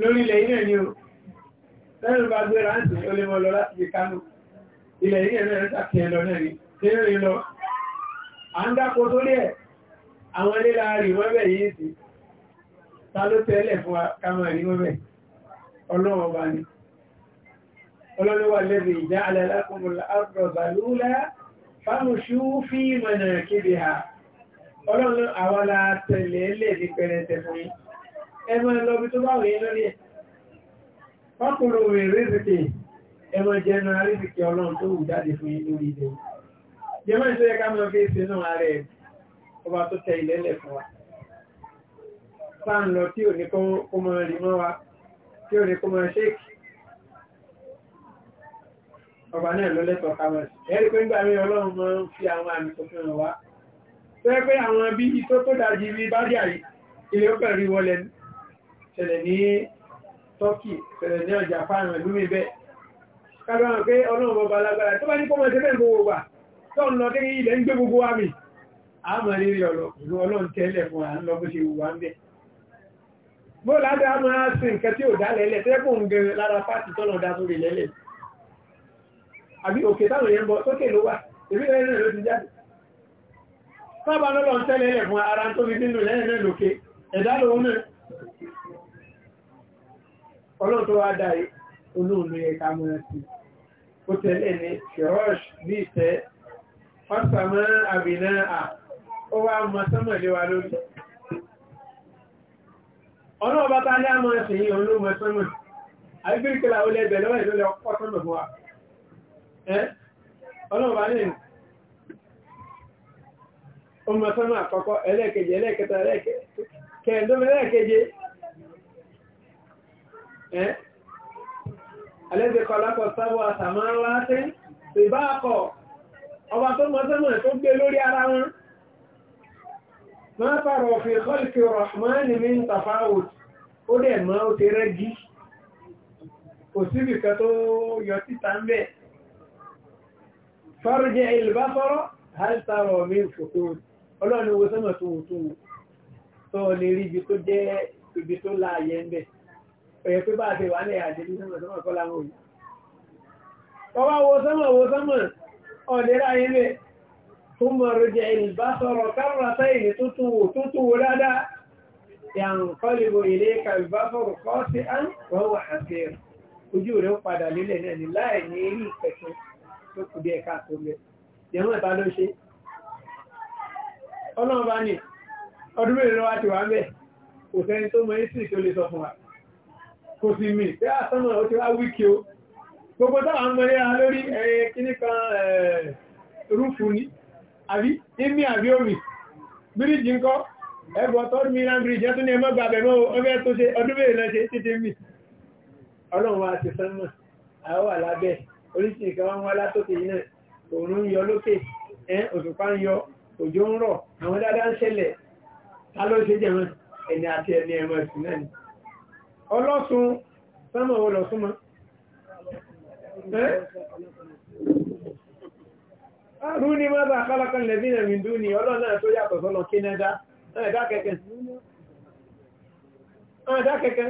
lórí ilẹ̀ ilẹ̀ ni o lẹ́nu bá gbé rántí ó lè mọ́ lọ láti fi kánú ilẹ̀ ilẹ̀ náà ń sàkíyẹ lọ náà ni tí lọ à ń dákó sórí ẹ̀ àwọn nílá rí mọ́bẹ̀ yìí sí ta ló tẹ́lẹ̀ fún kama rí mọ́bẹ̀ ọlọ́wọ́ bá ní ọlọ́lọ́wà lẹ́bí ìjá alẹ́lákùnmùlá àrọ̀bàlúlá fámúṣú fí mọ̀nà kébì ha ọlọ́lọ́ àwọlá tẹ̀lẹ̀ lẹ́bí pẹ̀rẹ̀tẹ̀ fún yí ẹmọ ẹlọ́bí tó bá wù yí lórí ẹ̀ fákùnrin òwe rẹ́sìkì ẹmọ jẹnu arẹ́sìkì ọlọ́run tó wù jáde fún yí lórí ọba tó tẹ ilẹ̀ lẹ̀ fún wa sáà ń lọ tí ò ní kó mọ rí mọ́ wa tí ò ní kó mọ ṣéèkì ọba náà ló lẹ́tọ̀ọ́ ká mọ̀ sí ẹ̀rí pé nígbà mí ọlọ́run máa ń fi àwọn àmì tuntun hàn wá tó yẹ pé àwọn bí itó tó dájú ibi bá dì àyè ilé ó kàn rí wọlé ṣẹlẹ̀ ní Tọ́kì ṣẹlẹ̀ ní ọjà fáwọn ìlú mi bẹ́ẹ̀ kábíyàn pé ọlọ́run bọba lágbára tó bá ní kó mọ̀ sí bẹ́ẹ̀ gbogbo wà tó ń lọ sí ilẹ̀ ń gbé gbogbo wa mi àmàrírí ọ̀rọ̀ pẹ̀lú ọlọ́run tẹ́lẹ̀ fún à ń lọ bó ṣe wùwà ń bẹ̀. bó ládá a máa sin nǹkan tí ò dá lẹ́lẹ̀ tẹ́kùn ń gẹrẹ lára pàtì tọ́nà dá sórí lẹ́lẹ̀ àbí òkè táwọn yẹn bọ sókè ló wà èmi lẹ́yìn náà ló ti jáde sábà lọ́lọ́run tẹ́lẹ̀ lẹ̀ fún ara tó fi nínú lẹ́yìn náà lókè ẹ̀dá lòun náà ọlọ́run tó wá dá yìí olóòlù yẹ ká mọ́ sí ó tẹ́lẹ̀ ní ṣọ́ọ̀ṣì bí ìtẹ́ ọ̀sàmọ́ àbìnáà ó wá mọ sánmọ̀ lé wa lórí ọ̀nà ọba tá ní àmọ́ ẹ̀sìn yìí òun ló mọ sánmọ̀ àgbéríkìlà ó lẹ́bẹ̀ lọ́wọ́ ìlú lọ kọ́ sánmọ̀ fún wa ọ̀nà ọba ní àkọ́kọ́ ẹlẹ́ẹ̀kẹta ọba tó tó gbé lórí ara wọn máa pàrọ̀ fi kọ́lùkì rọ̀hmánì mi ń tàfáwò ó dẹ̀ máa ó ti rẹ́gí kò síbì kan tó yọ títà ń bẹ̀ fárújẹ ìlúbáfọ́rọ́ hálítàrọ̀ mi fòtó ọlọ́ni owó sọ́mọ̀ tó wò tó wò tó lè rí ibi tó jẹ́ ibi tó láàyè ń bẹ̀ ẹ̀yẹ pé bá ti wà ní àjẹ́ ní sọ́mọ̀ sọ́mọ̀ kọ́ láwọn òyìn ọwọ́ wo sọ́mọ̀ wo sọ́mọ̀ ọ̀lẹ́ráyé bẹ́ẹ̀ ثم رجع البصر كرتين تتو تتو لدى ينقلب إليك البصر خاسئا وهو حسير ojú rẹ̀ ń padà lélẹ̀ náà ni láì ní eré ìpẹ̀kẹ́ tó kù bí ẹ̀ka tó lẹ̀. Ìyẹ̀mọ́ ìta ló ṣe. Ọlọ́run bá ní ọdún mẹ́rin lọ́wọ́ ti wà sọ ti o. Gbogbo kan àbí ìmí àbí omi bíríjì ń kọ́ ẹgbọ́ tọ́rù mìíràn bíríjì ẹ́tún ní ẹmọ́ gba abẹ̀mọ́ ọgbẹ́ tó ṣe ọdún mẹ́rin lọ ṣe títí mì ọlọ́run wa ti sánmà àwọ́ àlábẹ́ oríṣìí nǹkan wọn wá látòkè yìí náà òòrùn ń yọ lókè ẹ òṣùpá ń yọ òjò ń rọ̀ àwọn dáadáa ń ṣẹlẹ̀ ta ló ṣe jẹ́ wọn ẹni àti ẹni ẹmọ ẹ̀sìn náà ni ọlọ́sùn sánmà wo lọ súnmọ́ àrùn ní mọ́bà kálákan lẹ́bínà mìndú ni ọlọ́nà tó yàtọ̀ sọ́nà kínẹ́dá ẹ̀dákẹ́kẹ́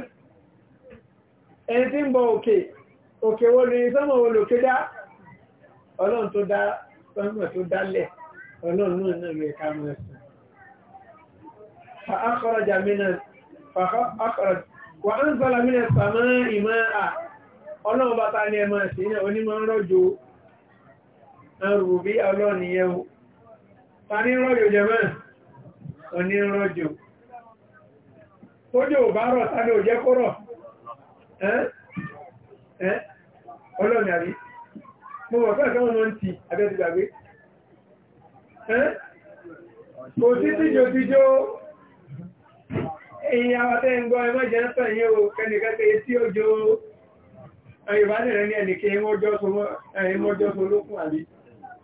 ẹni tí ń bọ òkè òkè wo ni sọ́mọ̀ wo lòkè dá ọlọ́run tó dá sọ́mọ̀ tó dálẹ̀ ọlọ́run náà náà rẹ̀ ká mọ́ ẹ̀sùn ẹrù bí ọlọ́ni ẹwù Ta jẹmọ́ onírọ́jò tójò bá rọ̀ ni ò jẹ́ kó rọ̀ ọlọ́ni àrí mo wọ̀ fẹ́ sọ́wọ́n wọ́n ti abẹ́ti gbàgbé kò sí tíjò tíjò èyí àwọ̀tẹ́ ń gbọ́ ẹmọ́ jẹ́ ń kẹ́nìkẹ́kẹ́ nìrẹ́ ní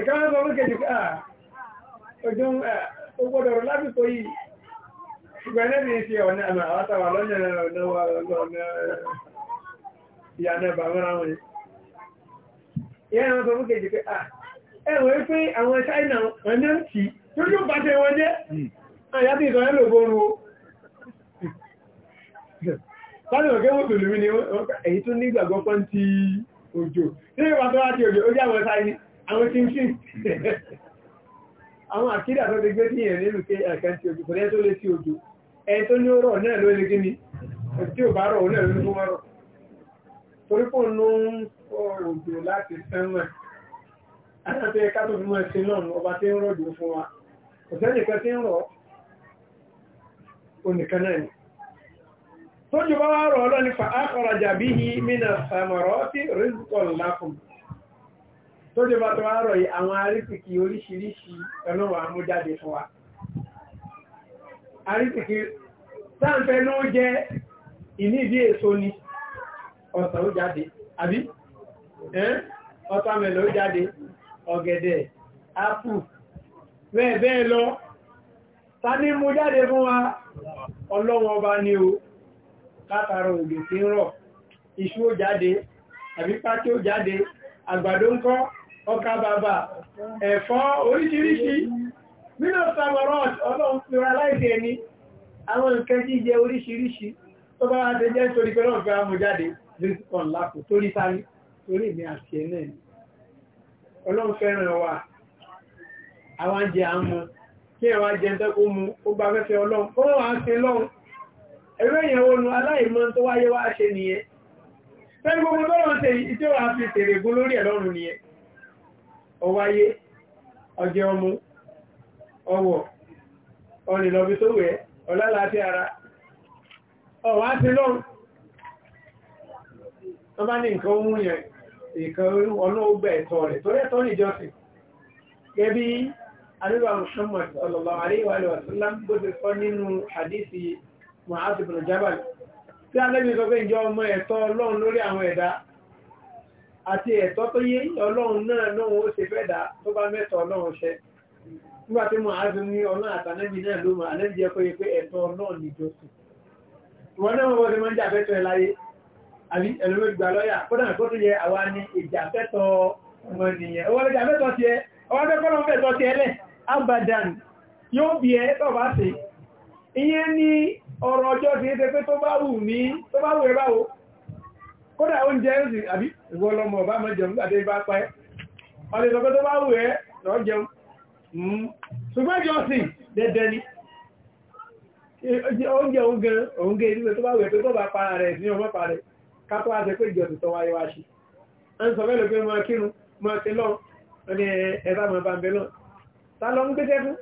ìkáwọn na kejì ká ojú ah, ọgbọ́dọ̀rọ̀ ah, lábìkò yìí ṣùgbọ́n ẹ̀nẹ́bì ń ṣe ọ̀nà àmà àwátàwà lọ́nà ọ̀nà ìyànà wọn ìyànà ọmọ kejì ká ah, ẹ̀wọ̀n pé àwọn China ọ̀nà kì tó yóò bá wọn jẹ́ àyàtì hmm. ìtọ́rẹ́ lò bóru láti ọ̀gẹ́ mùsùlùmí ni èyí tún nígbàgbọ́ pọ́ntí òjò tí ó àwọn kíńkí àwọn àkídà tó ti gbé ní ẹ̀rẹ́ ìlú pé ẹ̀kẹ́ ti ojú kò lẹ́ tó lé sí ojú ẹ̀ tó ní ọ̀rọ̀ náà ló lé gíní tí ò bá rọ̀ ó náà ló ní rọ̀ torí pò ń kọ láti sẹ́wọ̀n àtàtẹ́ ẹ̀ká tó fi mọ́ ẹ̀sìn náà ọba tí ń rọ̀ tó lè bá tọwà rọ̀ yìí àwọn arítìkì oríṣiríṣi ọlọ́wà mú jáde fún wa arítìkì sáǹfẹ́ ló jẹ́ ìní ìdí èso ni ọ̀sán ó jáde àbí ọ̀tàmẹ̀lẹ̀ ó jáde ọ̀gẹ̀dẹ̀ ápù bẹ́ẹ̀ bẹ́ẹ̀ lọ ta ní mú jáde fún wa ọlọ́wọ́n ọba ni o látara òjò tí ń rọ̀ iṣu ó jáde àbí pátí ó jáde àgbàdo ń kọ́ ọkà bàbà ẹ̀fọ́ oríṣiríṣi nínú samarot ọlọ́run pluralize ẹni àwọn nǹkan jíjẹ oríṣiríṣi tó bá wáṣẹ jẹ́ torí pé lọ́nà fẹ́ mú jáde lóṣùpọ̀n lápò torí sáré torí ìmì àti ẹ̀nà ẹ̀ ọlọ́run fẹ́ràn wa àwọn jẹ àmú kí ẹ̀wà jẹ ń tẹ́kọ́ mú ó gba fẹ́fẹ́ ọlọ́run ó wà ń sin lọ́run ẹ̀rọ èèyàn wo nu aláìmọ́ tó wáyé wá ṣe nìyẹn fẹ́ gbogbo tọ́lọ́run ṣe ìtẹ́wà fi tèrè gún lórí ẹ̀ lọ́rùn nìyẹn ọwáyé ọjẹ ọmú ọwọ̀ tó wẹ̀ ọlálàáfí ara ọ̀wá sí lọ́rùn wọ́n bá ní nǹkan mú yẹn ìkan ọ̀nà ọgbẹ̀ ẹ̀tọ́ rẹ̀ tó rẹ̀tọ́ níjọsìn gẹ́bí alúwà Muhammad sallallahu alaihi wa sallam bó àti ẹ̀tọ́ tó yé ọlọ́run náà lóhun ó ṣe fẹ́dà tó bá mẹ́tọ̀ ọlọ́run ṣẹ nígbà tí mo á fi ní ọlọ́run àtànẹ́bì náà ló mọ̀ àlẹ́ jẹ́ pé pé ẹ̀tọ́ ọlọ́run ní jọ́sìn ìwọ náà wọ́n ti máa ń jà fẹ́tọ̀ láyé àbí ẹlòmíràn lọ́yà kódà kó tó yẹ àwa ni ìjà fẹ́tọ̀ ọmọ nìyẹn ọwọ́ ìjà fẹ́tọ̀ tiẹ̀ ọwọ́ fẹ́kọ́ lọ́n fẹ́tọ̀ tiẹ̀ lẹ̀ abadan yóò bí ẹ tó bá ṣe ìyẹn ni ọ̀rọ̀ ọjọ́ ti ṣe pé tó bá wù ní tó bá wù kódà oúnjẹ ẹ̀rùsì àbí ìwọ lọmọ ọba mọ́ jẹun gbàdé bá pa ẹ́ ọdẹ ìsọ̀kọ́ tó bá wù ẹ́ lọ jẹun hmm. ṣùgbọ́n jọ sí dẹ́dẹ́ ni oúnjẹ oúnjẹ oúnjẹ ìdíwẹ̀ tó bá wù ẹ́ tó bá para rẹ̀ sí ọmọ para rẹ̀ kátó wá ṣe pé ìjọ ti tọwáyé wá ṣe ń sọ fẹ́ lò pé máa kírun máa ti lọ ní ẹ̀bá máa bá ń bẹ náà ta lọ ń gbéṣẹ́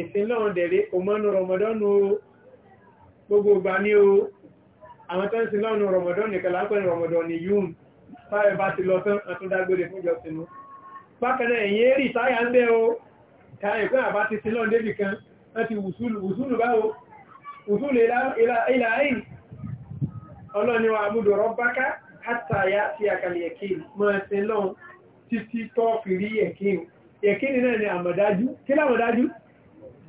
ìsìn lọ́wọ́n dẹ̀rẹ́ kò mọ́nú rọmọdọ́nù gbogbo ìgbà ní o àwọn tó ń sin lọ́nù rọmọdọ́nù kẹlá pẹ̀lú rọmọdọ́nù yún fáyẹ̀ bá ti lọ tán àtúndágbére fún jọ sínú bákanáà ẹ̀yìn eré ìtayà ń bẹ́ o káyẹ̀ pé àbá ti sin lọ́n débì kan láti wùsùlù báwo wùsùlù ilà ayìn ọlọ́niwà àmúdò rọ́báká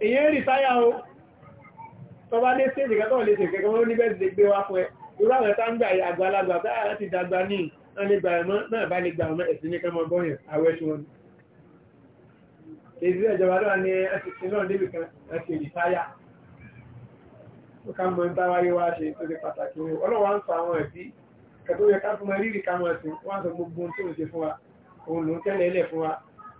èyí ń rí táyà o tó bá dé stéèjì kẹtọ́ lè ṣe kẹkẹ́ wọ́n ní bẹ́ẹ̀ ti gbé wá fún ẹ irú àwọn ẹ̀ta ń gbà àgbàlagbà táyà láti dàgbà ní ọ̀nìgbà ẹ̀mọ́ náà bá lè gbà ọmọ ẹ̀sìn ní kẹmọ bọ́yàn àwẹ́ tí wọ́n èyí ìjọba náà ní ẹ̀sìn náà débì kan ẹ̀sìn rí táyà ó ká mọ níta wáyé wá ṣe tó ṣe pàtàkì wọn ọlọ́wà ń sọ àwọn ẹ̀sí kẹtọ́ yẹ ká fún rírì ká mọ̀ ẹ̀sìn wọ́n sọ gbogbo tó ń ṣe fún wa òun ló ń fún wa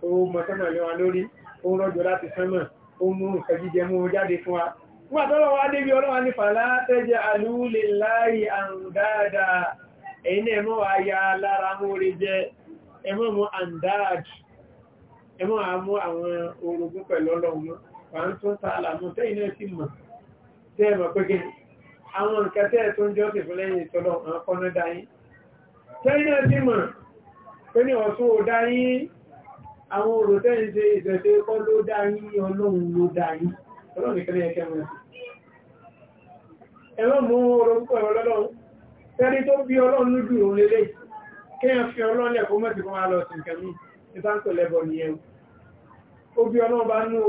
òun mọ̀ sọ́mọ̀ lé lórí òun rọ̀jò láti sánmọ̀ ó mú nǹkan jíjẹ mú jáde fún wa wọ́n àtọ́lọ́wọ́ adébí ọlọ́wọ́ ní fàlá tẹ́jẹ́ àlúlè láì àǹdáàdà ẹ̀yìn ẹ̀mọ́ àyà lára mú orí jẹ́ ẹmọ́ mú àǹdáàdì ẹmọ́ àmú àwọn orogún pẹ̀lú ọlọ́run àwọn òròtẹ́ ń ṣe ìṣẹ̀ṣe kọ́ ló dá yín ọlọ́run ló dá yín ọlọ́run ìkẹ́lẹ̀ ẹ̀kẹ́ wọn ẹ̀rọ mú oró púpọ̀ ẹ̀rọ lọ́lọ́run tẹ́rí tó bí ọlọ́run lójú òun lélẹ̀ kéèyàn fi ọlọ́run lẹ̀ kó mọ̀tì fún wa lọ sí nǹkan mí ní báńkò lẹ́bọ̀ nìyẹn ó bí ọlọ́run bá nú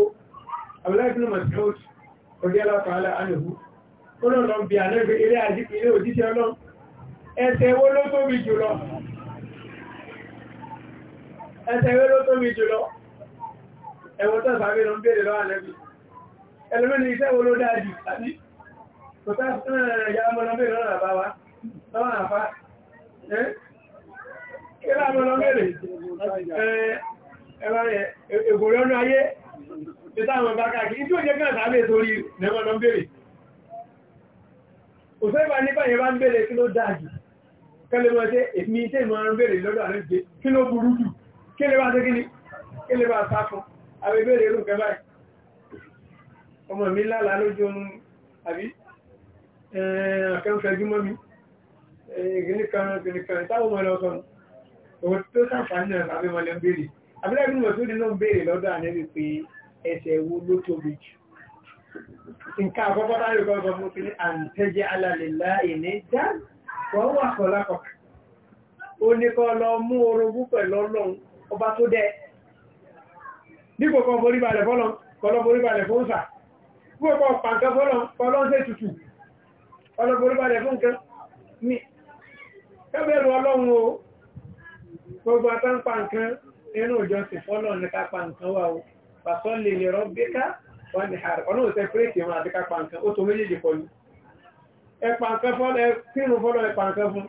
àbúláìbínú mọ̀tíọ́t òdí aláfà alẹ́ àlẹ́hù ó lọ́nà bí àlẹ́ ilé òjíṣẹ́ ọlọ́run ẹ̀ṣẹ̀ wo ló tóbi jùlọ ẹsẹ̀ rẹ̀ ló tóbi jùlọ ẹwọ́n tó sàbí lọ ń bèèrè lọ́wọ́ ànẹ́bì ẹlòmínú iṣẹ́ wo ló dájú àbí kò tá ìyá ọmọlọ bèèrè lọ́nà bá wa lọ́wọ́ àfá kí láàmọlọ bèèrè ẹ̀rọ ẹ̀gbòrò ọ̀nà ayé ìtàwọn bá káàkiri tí ó jẹ́ kí àtàlẹ́ torí nẹ́mọ̀lọ bèèrè òṣèrè bá nípa yẹn bá ń bèèrè kí kí ló burú jù kí ni kí lè bá sáfún àbẹ̀bẹ̀rẹ̀ irú nǹkan báyìí ọmọ mi lálàá lójú oorun àbí àkẹ́ńfẹ́júmọ́ mi ìgbìnìkan ìgbìnìkan táwọn ọmọ ẹlọ́sọ̀n òun tó sàfàánì náà àbí mọ̀lẹ́ ń béèrè àbílẹ́gbìn mọ̀ tó dínà ń béèrè lọ́dọ̀ ànẹ́bí pé ẹsẹ̀ wo ló tóbi jù nǹkan àkọ́kọ́ táyọ̀ kan sọ fún kíní àǹtẹ́jẹ́ alàlèlá ìní já wọ́n wà kọ́ lákọ̀ọ́ ní kọ́ ọba tó dẹ dípò kan borí balẹ̀ fọ́lọ́n kọlọ borí balẹ̀ fún sà dípò kan pàǹkẹ́ fọ́lọ́n kọlọ́n sí tutù kọlọ borí balẹ̀ fún nǹkan ní kẹ́bẹ̀rù ọlọ́run o gbogbo àtàǹpà nǹkan inú ìjọ sì fọ́lọ́n ní kápá nǹkan wà o pàṣọ lè lè rọ gbé ká wọ́n ní àrẹ ọlọ́run tẹ́ pírèkì wọn àti kápá nǹkan ẹ̀pàǹkan fọ́lọ́ ẹ̀pàǹkan fún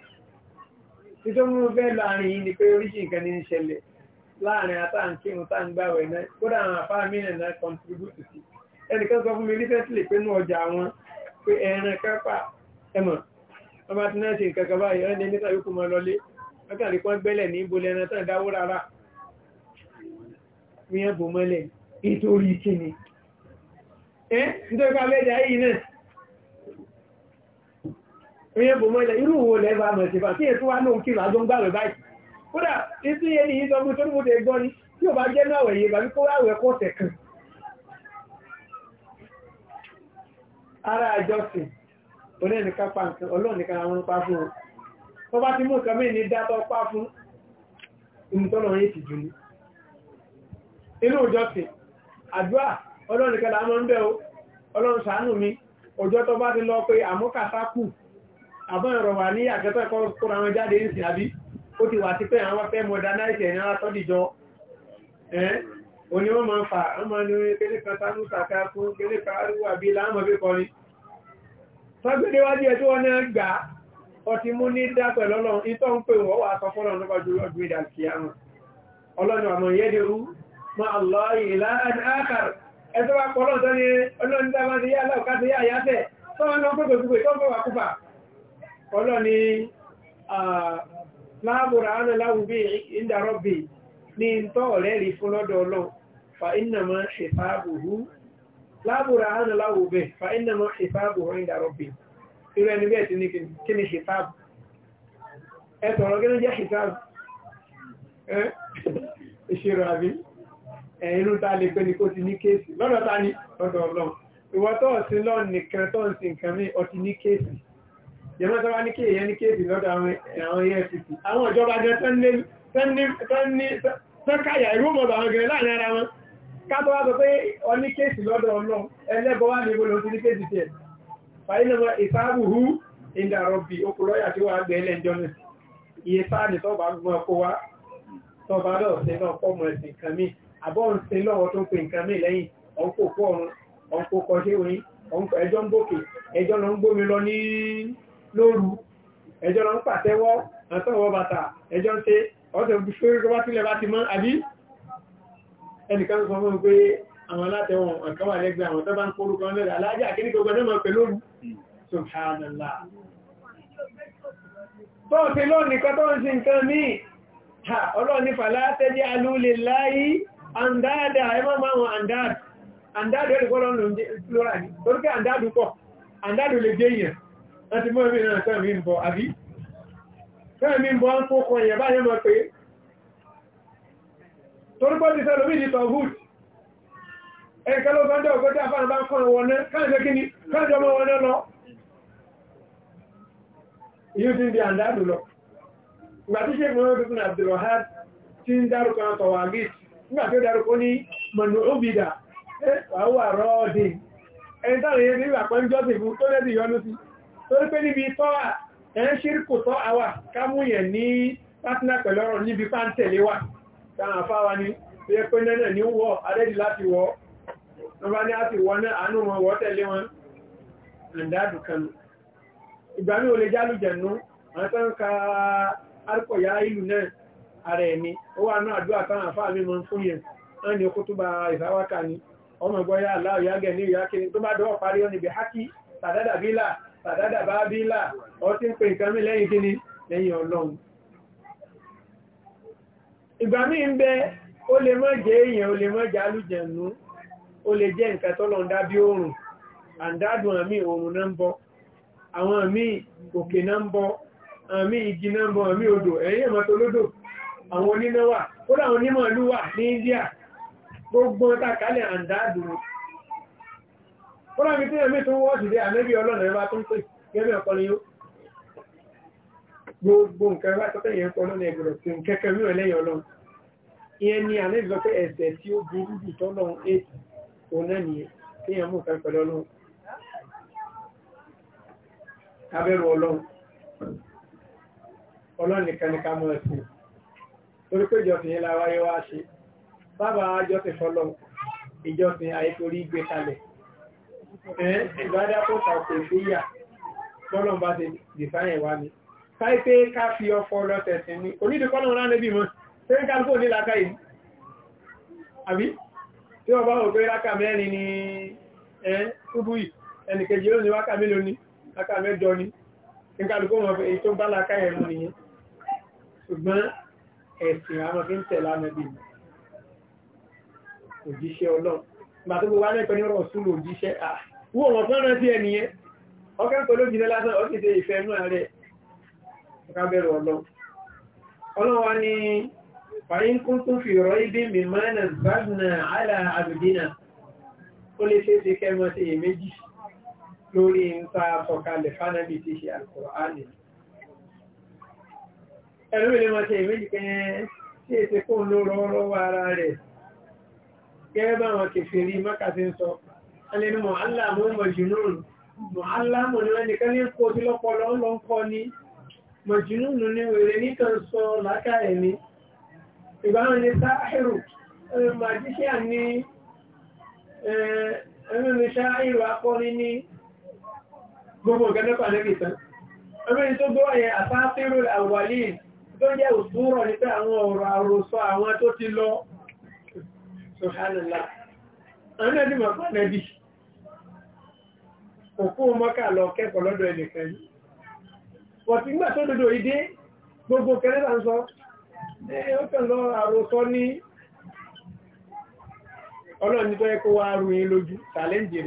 nítorí wọn láàrin yìí ni pé oríṣi nǹkan ní ń láàrin àtà ń kírun tá ń gbàwẹ̀ náà kódà àwọn àfáà mìíràn náà contribute sí ẹnìkan sọ fún mi recently pé nú ọjà wọn pé ẹran kápá ẹmọ̀ wọn bá ti náà ṣe nǹkan kan báyìí ẹran ní níta yókù mọ lọlé wọn kàn rí pọ́n gbẹ́lẹ̀ ní ibo lẹ́ran tán dáwó rárá wíyàn bò mọ́lẹ̀ nítorí kíni ẹ́ nítorí pa kí làájọ́ kódà isi ihe yìí sọgbọ́n tó múte gbọ́ ni tí ò bá jẹ́ náà wẹ̀yẹ bàbí kó wáwẹ̀ pọ̀ tẹ̀kàn ara àjọsìn onẹ́nìká pa nǹkan ọlọ́nìká àwọn pa fún un tó bá ti mú nǹkan mí ní dátọ́ pa fún ìmùtọ́nà yìí ti ní inú ìjọsìn àdúrà làwọn ń bẹ̀ o ọlọ́run mi ọjọ́ tó bá ti lọ pé àmúkàtà kù àbọ̀ ìrọ̀wà ní ẹ̀kọ́ ó ti wà sí pé àwọn fẹ́ modernize ẹ̀yìn ara tọ́dìjọ ẹ́ oní wọ́n máa ń fa ọmọ ní orí kéré kan sánú sàkà fún kéré kàárùwà bí láàmọ̀ bí kọrin tọ́gbẹ́dẹ́wájú ẹ̀ tí wọ́n náà gbà ọtí mú ní dápẹ̀ lọ́lọ́run ìtọ́ ń pè wọ́n wà sọ fọ́lọ́run nípa jùlọ ju ìdà sí àwọn ọlọ́run àmọ̀ yẹ́dẹ̀ rú ma àlọ́ ìlà àkàr ẹ̀tọ́ wa pọ̀ lọ́tọ́ ni ọlọ́run dábà ti yá aláwọ̀ káṣe yá yáṣẹ̀ tọ́wọ́n lọ pẹ̀lú ìgbè tó ń pè wà kúfà ọlọ́run láàbùrà ánà láwùbí ìdárọ́bì ní tọ́ ọ̀rẹ́ rí fún lọ́dọ̀ ọlọ́ fa innama hisabuhu láàbùrà ánà láwùbí fa innama hisabuhu ìdárọ́bì irú ẹni bẹ́ẹ̀ ti ní kí ni hisabu ẹ tọ̀rọ̀ kí ló jẹ́ hisabu ẹ ìṣirò àbí ẹ̀yìnú ta lè pẹ́ ni kó ti ní kéèsì lọ́dọ̀ ta ni ọ̀dọ̀ ọlọ́ ìwọ́tọ̀ ọ̀sìn lọ́ọ̀ nìkan tó ń sin nǹkan mí ọtí ní kéèsì ìrántọ́ wá ní kí èyẹ ní kéèdì lọ́dọ̀ àwọn efcc àwọn ìjọba jẹ́ tẹ́kàyà ìrúmọ̀bà àwọn gẹ̀rẹ̀ láàrin ara wọn kátọ́ wá sọ pé ọ ní kéèsì lọ́dọ̀ ọ̀nà ẹlẹ́bọ̀ wá ní ìbòlò sí ní kéèsì tẹ̀ fàílẹ̀mọ̀ ìfáàbùhú ìdàrọ̀bì okùnlọ́yà tí wà gbẹ̀ ilẹ̀ ìjọ́nà iye sáàdì tọ́bà gbọ́n ọkọ̀ wá tọ́bà lọ́ọ̀sẹ̀ náà pọ̀mọ̀ ẹ̀sìn kan mí àbọ̀ ń sin lọ́wọ́ tó ń pè nǹkan mí lẹ́yìn ẹjọ́ ń gbòkè ẹjọ́ lọ ń gbómi lọ ní lóru ẹjọ́ lọ ń pàtẹ́wọ́ àtọ́wọ́ bàtà ẹjọ́ ń ṣe ọ̀tẹ̀ ṣórí tó bá tilẹ̀ bá ti mọ́ àbí ẹnìkan sọ mọ́ pé àwọn alátẹ̀wọ̀n ọ̀kan wà lẹ́gbẹ̀ẹ́ àwọn tó bá ń kórúkọ lẹ́dà alájá àkíní gbogbo ẹ̀mọ̀ pẹ̀ lóru subhanallah bọ́ọ̀tí lónìí kọ́ tó ń sin nǹkan míì ọlọ́ni fàlátẹ́jẹ́ alúlè láyí àndáàdà ẹmọ́ máa wọn àndáàdù àndáàdù ẹ̀rẹ̀kọ́ lọ́nà lórí àndáàdù pọ̀ àndáàdù lè dé èèyàn láti mọ́ ìrìn àṣà mi ń bọ̀ àbí fẹ́ẹ̀mí ń bọ̀ ń kó kan yẹ̀ báyẹ̀ mọ́ pé torúkọ́ ti sẹ́lò mí di tọ̀húd ẹ̀kẹ́ ló sọ́jọ́ ògbójá fáà bá ń kọ́ wọnẹ́ káàkiri kíni káàkiri ọmọ wọnẹ́ lọ yíò ti ń di àndádù lọ ìgbà tí sẹ́kùn ọmọ tuntun Abdulwahab ti ń dárúkọ tọ̀wàgít nígbà tí ó dárúkọ ní mọ̀nà òbìdà wà wà rọ́ọ̀dìn ẹni táwọn yẹn ti ń wà pẹ́ ń jọ́sìn fún tó lẹ́sìn yọnu sí torí pé níbi tọ́ ẹ̀ń ṣírkù tọ́ àwà kámúyẹ̀ ní pátínà pẹ̀lú ọ̀rọ̀ níbi pàǹtẹ̀lé wà táwọn ni tó yẹ pé nẹ́nẹ̀ ní wọ́ adẹ́dì láti wọ́ wọ́n bá ní àti wọ́ náà àánú wọn wọ́ tẹ̀lé wọn àǹdáàdù kanu ìgbà mi ò lè jálù jẹ̀nu àwọn tó ń ka ẹ̀mí ó wà náà àdúrà táwọn afáà mi fún yẹn wọ́n ní okú tó bá ìfáwákà ni ọmọ ìgbọ́yà aláwọ̀ yá gẹ̀ ní ìyá kiri tó bá dọ́wọ́ parí ọ́ níbi hákì tàdádàbílà sàdádà bá bí là ọ tí ń pè nǹkan mí lẹ́yìn kíní lẹ́yìn ọlọ́run ìgbà míì ń bẹ ó lè mọ́ jẹ́ èèyàn ó lè mọ́ jẹ́ alújẹ̀nú ó lè jẹ́ nǹkan tọ́lọ̀ ń dá bí oòrùn àndádùn àmì oòrùn náà ń bọ́ àwọn àmì òkè náà ń bọ́ àmì igi náà ń bọ́ àmì odò ẹ̀yìn ìmọ̀tò àwọn onínáwà ó láwọn onímọ̀lúwà ní India gbogbo takalẹ̀ àndádùn ó lábi tí ẹ̀mí tó wọ́ọ̀sì dé ànẹ́bí ọlọ́nà ẹ̀bá tó ń pè gẹ́gẹ́ ọ̀pọ̀ ni yóò gbogbo nǹkan bá tọ́tẹ̀ yẹn pọ̀ lọ́nà ẹ̀gbọ̀rọ̀ tí ń kẹ́kẹ́ mí ọ̀lẹ́yìn ọlọ́run ìyẹn ni ànẹ́bí sọ pé ẹ̀sẹ̀ tí ó burú jù tọ́lọ́ ètò òun náà nìyẹn tí yẹn mú nǹkan pẹ̀lú ọlọ́run abẹ́rù ọlọ́run ọlọ́run nìkan nìkan mọ̀ ẹ̀sìn torí pé ìjọsìn yẹn la wáyé wá ṣe bábà ìjọsìn fọlọ́ ìjọsìn àyètò ìbádá kò tàkò ìfúyà lọ́nà bá ti dìfáyẹ̀ wá ní káìpé ká fi ọkọ̀ lọ́tẹ̀sìn ní onídìkọ́nà rán níbi mọ́ tí ó ń kálùkò ní láká yìí àbí tí wọ́n bá wò pé láká mẹ́rin ni ẹ́ túbú yìí ẹnìkejì ló ní wákà mélòó ní láká mẹ́jọ ní ń kálùkò mọ̀ pé èyí tó bá láká yẹn mú nìyẹn ṣùgbọ́n ẹ̀sìn àwọn fi ń tẹ̀ lánàá bí òjíṣẹ́ ọlọ́run gbàtúgbò wá lẹ́kọ̀ọ́ ní ọ̀rọ̀ òjíṣẹ́ àà wọ́n wọ́n tán rántí ẹniyẹn ọkẹ́ pẹ̀lú jìnà lásán ó sì ṣe ìfẹ́ inú ààrẹ ọkábẹ̀rẹ̀ ọlọ́ ọlọ́wà ni fàyín kún tún fi rọ ibi mìmánà gbádùnà àlà àbìdínà ó lè ṣe ṣe kẹ́mọ́ sí èméjì lórí nta sọ̀kalẹ̀ fánàbì ti ṣe àkùránì ẹ̀rọ ìlẹ́mọ̀ sí èméjì sí ètẹ́kùn lóró ọrọ̀ ara rẹ̀ gẹ́gẹ́ bá ẹlẹ́ni mọ̀hálà mọ́ mọ̀jìnúrù mọ̀hálà mọ̀ ní ẹni kan ní kó tí lọ́pọ̀lọ́ lọ ń kọ́ ní mọ̀jìnúrù ní wèrè nítàn sọ láká ẹ̀mí ìbáwọn ní sáàrù màjíṣíà ní ẹ̀mí sáàrù akọrin ní gbogbo ìgẹ́dẹ́kọ̀ àdẹ́kìtàn ẹgbẹ́ni tó gbọ́ ẹ̀ àtàfẹ́rù àwàlì tó jẹ́ òṣùúrọ̀ nípa àwọn ọ̀rọ̀ mọ̀ pàdé òkú mọ́kà lọ kẹ́kọ̀ọ́ lọ́dọ̀ ẹnìkan yìí ti gbà tó gbogbo ń sọ ó kàn àròsọ ní ọlọ́run tó yẹ kó wá rú yín lójú challenge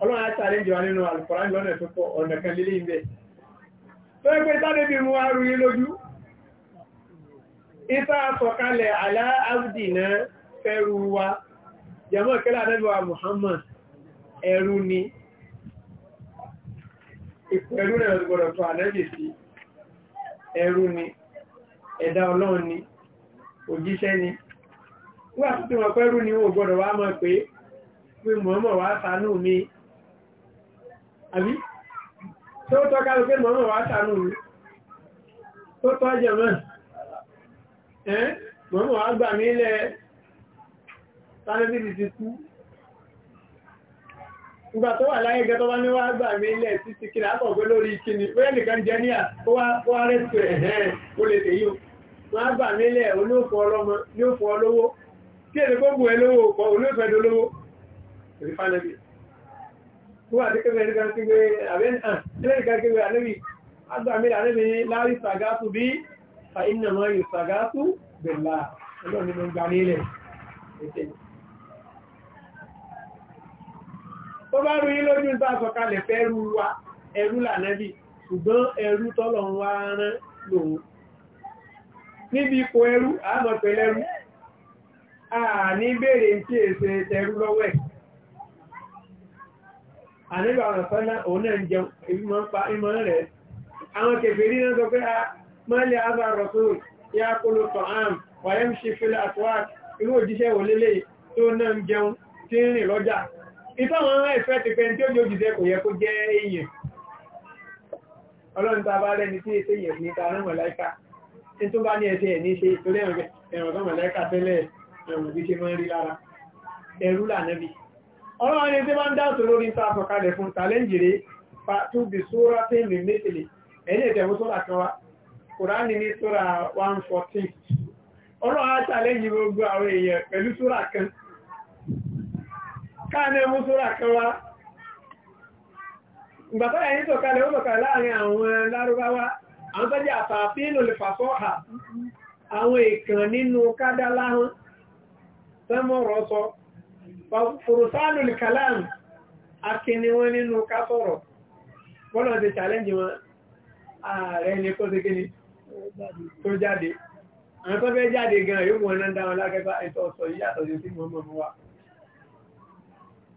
ọlọ́run á wa nínú tó pọ̀ ọ̀nà kan lílé ìbẹ̀ tó yẹ pé sáré bí wá rú yín lójú abdi náà wa Muhammad ìpẹ̀rú rẹ̀ gbọ́dọ̀ tó ànẹ́bì sí ẹrụ ni ẹ̀dá ọlọ́run ni òjíṣẹ́ ni wọ́n àti tí wọ́n ni wọ́n gbọ́dọ̀ wá ma pé pé mọ̀ọ́mọ̀ wá ṣàánú mi àbí tó tọ́ ká ló pé mọ̀ọ́mọ̀ wá mi tó tọ́ mọ́ ẹ́ ìgbà tó wà láyé gẹ́tọ́ wá níwá gbà mí ilẹ̀ títí kí lápọ̀gbé lórí ìkíni wẹ́n nìkan jẹ́ ní àkọwárẹ́sù ẹ̀hẹ́n ó lè tèyí wọ́n gbà mí ilẹ̀ olóòfò ọlọ́mọ ní òfò ọlọ́wọ́ tí èdè gbogbo ẹ lówó ọkọ̀ olóòfò ẹdọlówó ìfànàbí wọ́n àti kẹfẹ́ nìkan kí wé àlẹ́bí agbà mí àlẹ́bí lárí sàgásù bí fa iná mọ́ yóò sàgásù bẹ̀lá ọlọ́ tó bá rú yí lójú bá sọ̀kalẹ̀ fẹ́ rú wa ẹrú lànẹ́bì ṣùgbọ́n ẹrú tọ́lọ̀ ń wá rán lòun níbi ipò ẹrú àmọ́ pẹ̀lẹ́rú a ní bèèrè tí èsè tẹrú lọ́wọ́ ẹ̀ àníbà ọ̀nà sọ́lá òun náà ń jẹun èyí mọ́ ń pa ìmọ̀ rẹ̀ àwọn kèfèrí náà sọ pé a mọ́lẹ̀ àbá rọ̀sùn ya kóló tọ̀ àm wàyẹ́m ṣe fẹ́lẹ̀ àtúwà ìlú òjíṣẹ́ òlélẹ̀ tó náà ń jẹun tí ń rìn lọ́jà ìtàwọn ará ìfẹ́ ti fẹ́ tí ó yóò jìdẹ́ kò yẹ kó jẹ́ èèyàn ọlọ́run tàbá rẹni tí èsè èèyàn ní ta rán mọ̀láíkà tí tó bá ní ẹsẹ̀ ẹ̀ ní ṣe torí ẹ̀rọ̀ tó mọ̀láíkà tẹ́lẹ̀ ẹ̀rùn bí ṣe mọ́ rí lára ẹ̀rú lànàbí ọlọ́run ẹni tí bá ń dáàtò lórí ń sáà fọ̀kalẹ̀ fún tàlẹ́ǹjìrè pàtúbì sóra tí mi mẹ́tẹ̀lẹ̀ ẹni ìtẹ̀wó sóra kan wá kùránì ní sóra 114 ọlọ́run á gbogbo àwọn èèyàn pẹ̀lú sóra kan káàmẹ́ mú sóra kẹwa ìgbàtọ́ ẹ̀yìn tó kalẹ̀ ó mọ̀kà láàrin àwọn lárúbáwá àwọn tó jẹ́ àfààfínù lè fàfọ́ hà àwọn èkàn nínú kádá láhán tẹ́mọ̀rọ̀ sọ fòròsánù lè kàláàmù akíní nínú kásọ̀rọ̀ bọ́nà ti challenge wọn ààrẹ ní kó síkíní tó jáde wa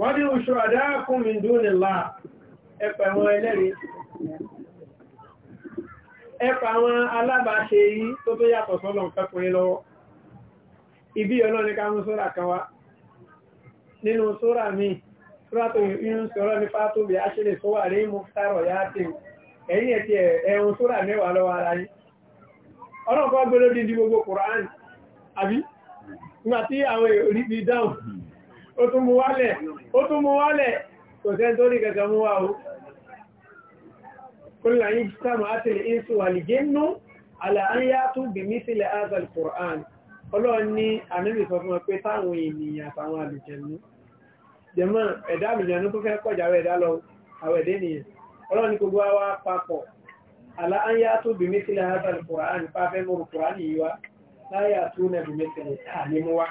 wọ́n ní oṣù àdáàkùn mi dún ní láà ẹ̀pà àwọn ẹlẹ́rìí ẹ̀pà àwọn alábàáṣe yìí tó tó yàtọ̀ sọ́lọ̀ pẹ́kùnrin lọ́wọ́ ibi ọ̀nà ní káwọn sóra kan wá nínú sóra mi sóra tó yún sọ̀rọ̀ ní fátó bí a ṣe lè sówà rí mú sárọ̀ yá tí ẹ̀yìn ẹ̀tì ẹ̀hun sóra mẹ́wàá lọ́wọ́ ara yìí ọlọ́kọ́ gbẹ́lódì di gbogbo Kùránì àbí nígbà tí àwọn èèyàn rí bí dáhùn ó tún mú wálẹ̀ ó tún mú wálẹ̀ kò tẹ́ tó rí kẹta mú wá o kúlù àyí sàmà àti ìsù àlìjẹ́nú àlàáyá tún bí mísílẹ̀ azal Qur'an ọlọ́run ní ànábì sọ fún pé táwọn ènìyàn àtàwọn àlùjẹ̀nú jẹ̀mọ́ ẹ̀dá àlùjẹ̀nú tó fẹ́ pọ̀jà ẹ̀dá lọ àwọn ẹ̀dẹ́ nìyẹn ọlọ́run àlàáyá tún bí mísílẹ̀ azal Qur'an pàfẹ́ mọ́rù Qur'an yìí wá láyà tún nà bí mísílẹ̀ wá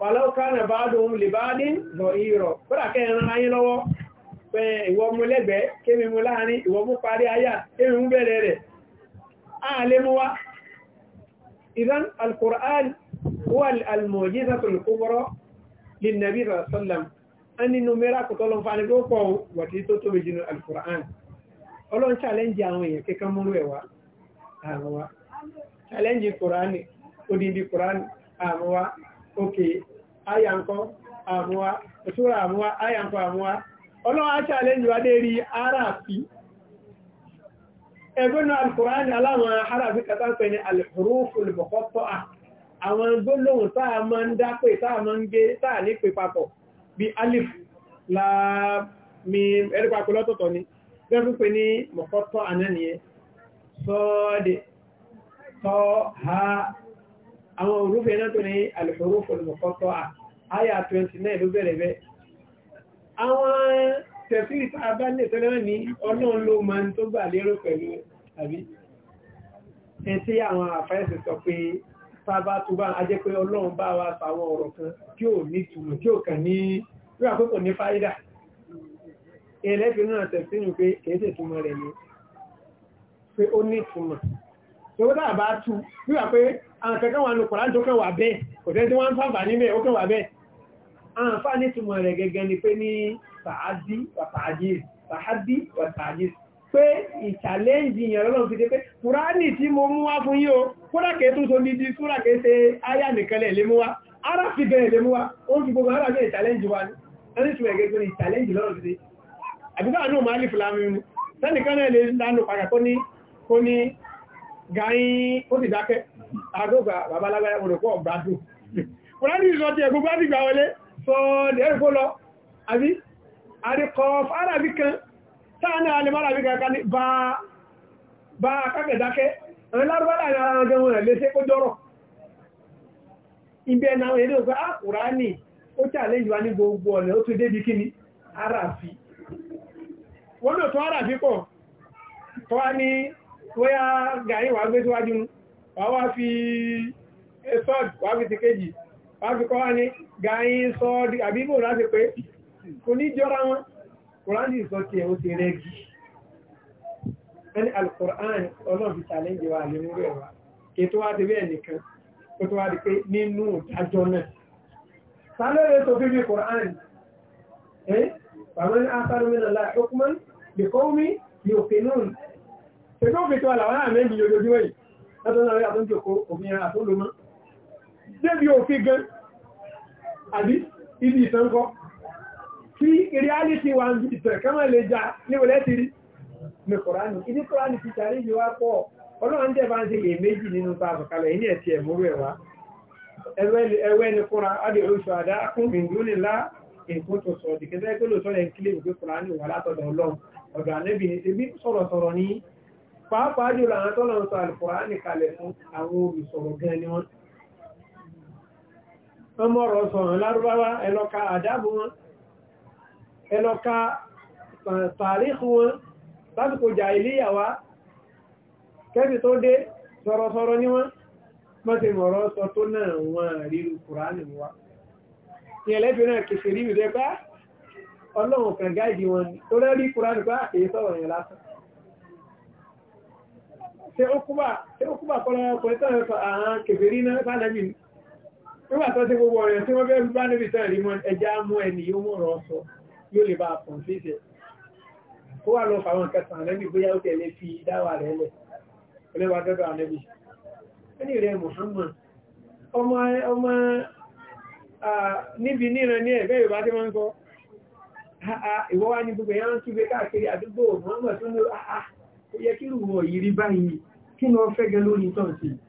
pàlọ́ká nà bá dùn lè bá ní lọ ìrọ̀ kódà kẹ́ ẹran ayé lọ́wọ́ pé ìwọ mú lẹ́gbẹ̀ẹ́ kémi mú láàrin ìwọ mú parí ayá kémi mú bẹ̀rẹ̀ rẹ̀ ààlé mú wá ìdán alkùrán huwa al-mu'jizatul kubra lin nabi challenge àwọn èèyàn kíkan mú àwọn wa òkè ayànkọ́ àmúwá òṣùwà àmúwá ayànkọ́ àmúwá ọlọ́wà challenge wá dérí aráàfí ẹgbẹ́nu alkùránì aláwọn aráàfí kàtà pẹ̀ ní alhuruful muqatta'a àwọn gbólóhùn táà mọ́ ń dápè táà mọ́ ń gé táà ní pè papọ̀ bí alif láàm mím ẹ̀rípapọ̀ lọ́tọ̀tọ̀ ni gẹ́gbẹ́ ní muqatta'a àná nìyẹn sọ́ọ̀dẹ̀ tọ́ ha àwọn òrùfẹ́ iná tó ní al-huruf al-muqatta'a àyà 29 ló bẹ̀rẹ̀ bẹ́ àwọn tẹ̀sílì tá a bá lè tọ́lẹ́ ní ọlọ́run ló máa ń tó gbà lérò pẹ̀lú àbí ẹtí àwọn àfẹ́sì sọ pé sábà tó bá ajẹ́ pé ọlọ́run bá wa sàwọn ọ̀rọ̀ kan tí ò ní túmọ̀ tí ò kàn ní rí àkókò ní fáídà ẹlẹ́fin náà tẹ̀sílì pé kìí ṣètúmọ̀ rẹ̀ ni pé ó ní túmọ̀ tó bá bá tú rí wà àwọn kẹ́kẹ́ wọn lò kọ̀lá tó kẹwà bẹ́ẹ̀ kò tẹ́ tí wọ́n ń fàfà níbẹ̀ ó kẹwà bẹ́ẹ̀ àǹfà ní túnmọ̀ rẹ̀ gẹ́gẹ́ ni pé ní fàájí wà fàájí pé ìchàlẹ́ǹjì yẹn lọ́lọ́run ti dé pé kùránì tí mo mú wá fún yín o kúràkẹ́ tó so níbi kúràkẹ́ ṣe áyà nìkan lẹ̀ lé mú wá ara fi bẹ̀rẹ̀ lé mú wá ó ń fi gbogbo ara bẹ̀rẹ̀ ìchàlẹ́ǹjì wa ní ẹni tí wọ́n gẹ́gẹ́ ní ìchàlẹ́ǹjì lọ́rọ̀ ti dé àbíkọ́ àánú máa lè fìlà mímu sẹ́nìkan náà lè dánú padà kó ní gáyín ó sì dákẹ́ àdógbà babalágbára mo rò pọ̀ gbádùn kò láti ìsọ ti ẹ̀gbọ́n gbádùn gbà wọlé sọ lẹ́rù kó lọ àbí àríkọ fárabí kan sáà náà lè márabí kankan ní bá bá akákẹ̀dákẹ́ àwọn lárúbálà ní ara wọn gẹ́wọ̀n rẹ̀ léṣe kó jọ́rọ̀ ibẹ̀ náà èdè òfin àkùránì ah, ó challenge wa ní gbogbo ọ̀nà ó tún débi kíni àràfi wọ́n lò tó àràfi pọ̀ tó wá ní wọ́yá gàáyìn wà gbé síwájú wàá fi sọ́ọ̀dì wàá fi ti kéjì wàá fi kọ́ wá ní gàáyín sọ́ọ̀dì àbí ibò láti pé kò ní jọra wọn kòránì sọ ti ẹ̀ ó ti rẹ́gì ẹni alkùránì ọlọ́ọ̀fi challenge wa lè múrẹ̀ wa kí tó wá ti bẹ́ẹ̀ nìkan kó tó wá di pé nínú ìdájọ́ náà sálẹ́rẹ́ tó fi bí kòránì ẹ́ bàmọ́ ní ákàrù mi lọ́la ọkùnmọ́ bí kọ́ mi yóò kínú ṣe tó fi tó àlàwọ́ àmì ìjọjọ́ yìí lọ́tọ́lọ́rẹ́ àtúnjòkó òmìnira àtúnlùmọ́ débi òfin gan àbí ibi ìtànkọ́ kí reality wà ń bìtẹ̀ kẹ́mọ̀ lè já níwẹ̀lẹ́ ti rí ní kọ̀ránì ìdí kọ̀ránì ti tàrí yìí wá pọ̀ ọlọ́run jẹ́ bá ń ṣe èméjì nínú bá àbùkalẹ̀ ìní ẹ̀tì ẹ̀múrú ẹ̀wá ẹwẹ́ ni kúra adé oṣù àdá kúnmìn lónìí lá èkó tó sọ̀rọ̀ dìkẹ́tẹ́ pé lóòótọ́ lẹ́yìn kílè ìgbé kọ̀ránì wà látọ̀dọ̀ ọlọ́run ọ̀dọ̀ àlẹ́bìnrin ṣe bí pàápàá jùlọ àwọn tọ́lọ̀ ń sọ alùkùránì kalẹ̀ fún àwọn olùsọ̀rọ̀ gan ni wọ́n ọmọ ọ̀rọ̀ sọ̀rọ̀ lárúbáwá ẹlọ́ka àdábù wọn ẹlọ́ka tàríkù wọn lásìkò jà iléyàwá kẹ́sì tó dé sọ̀rọ̀sọ̀rọ̀ ní wọ́n mọ́sí mọ̀rọ̀ sọ tó náà wọ́n ṣe ókúbà kọ́lọ́ ọkùnrin tọ́rọ sọ àwọn kèfèrí náà fánàbí nígbà tó ti gbogbo ọ̀rẹ́ tí wọ́n bẹ́ẹ̀ bá níbi tán rí wọn ẹja mú ẹni yóò mú ọ̀rọ̀ sọ yóò lè bá pọ̀n sí ìṣẹ́ ó wà lọ fàwọn kẹsàn lẹ́bí bóyá ó tẹ̀lé fi dáwà rẹ̀ lẹ̀ ọlẹ́wà dọ́dọ̀ àlẹ́bí ẹni rẹ̀ Muhammad ọmọ ọmọ níbi níran ní ẹ̀bẹ́ Yorùbá tí wọ́n ń kọ́ ìwọ́ wá ní gbogbo yẹn ń túbẹ̀ káàkiri àdúgbò Muhammad tó ní ó yẹ kí rúwọ̀ yìí rí báyìí kí ni wọ́n fẹ́ gẹ lórí tán sí i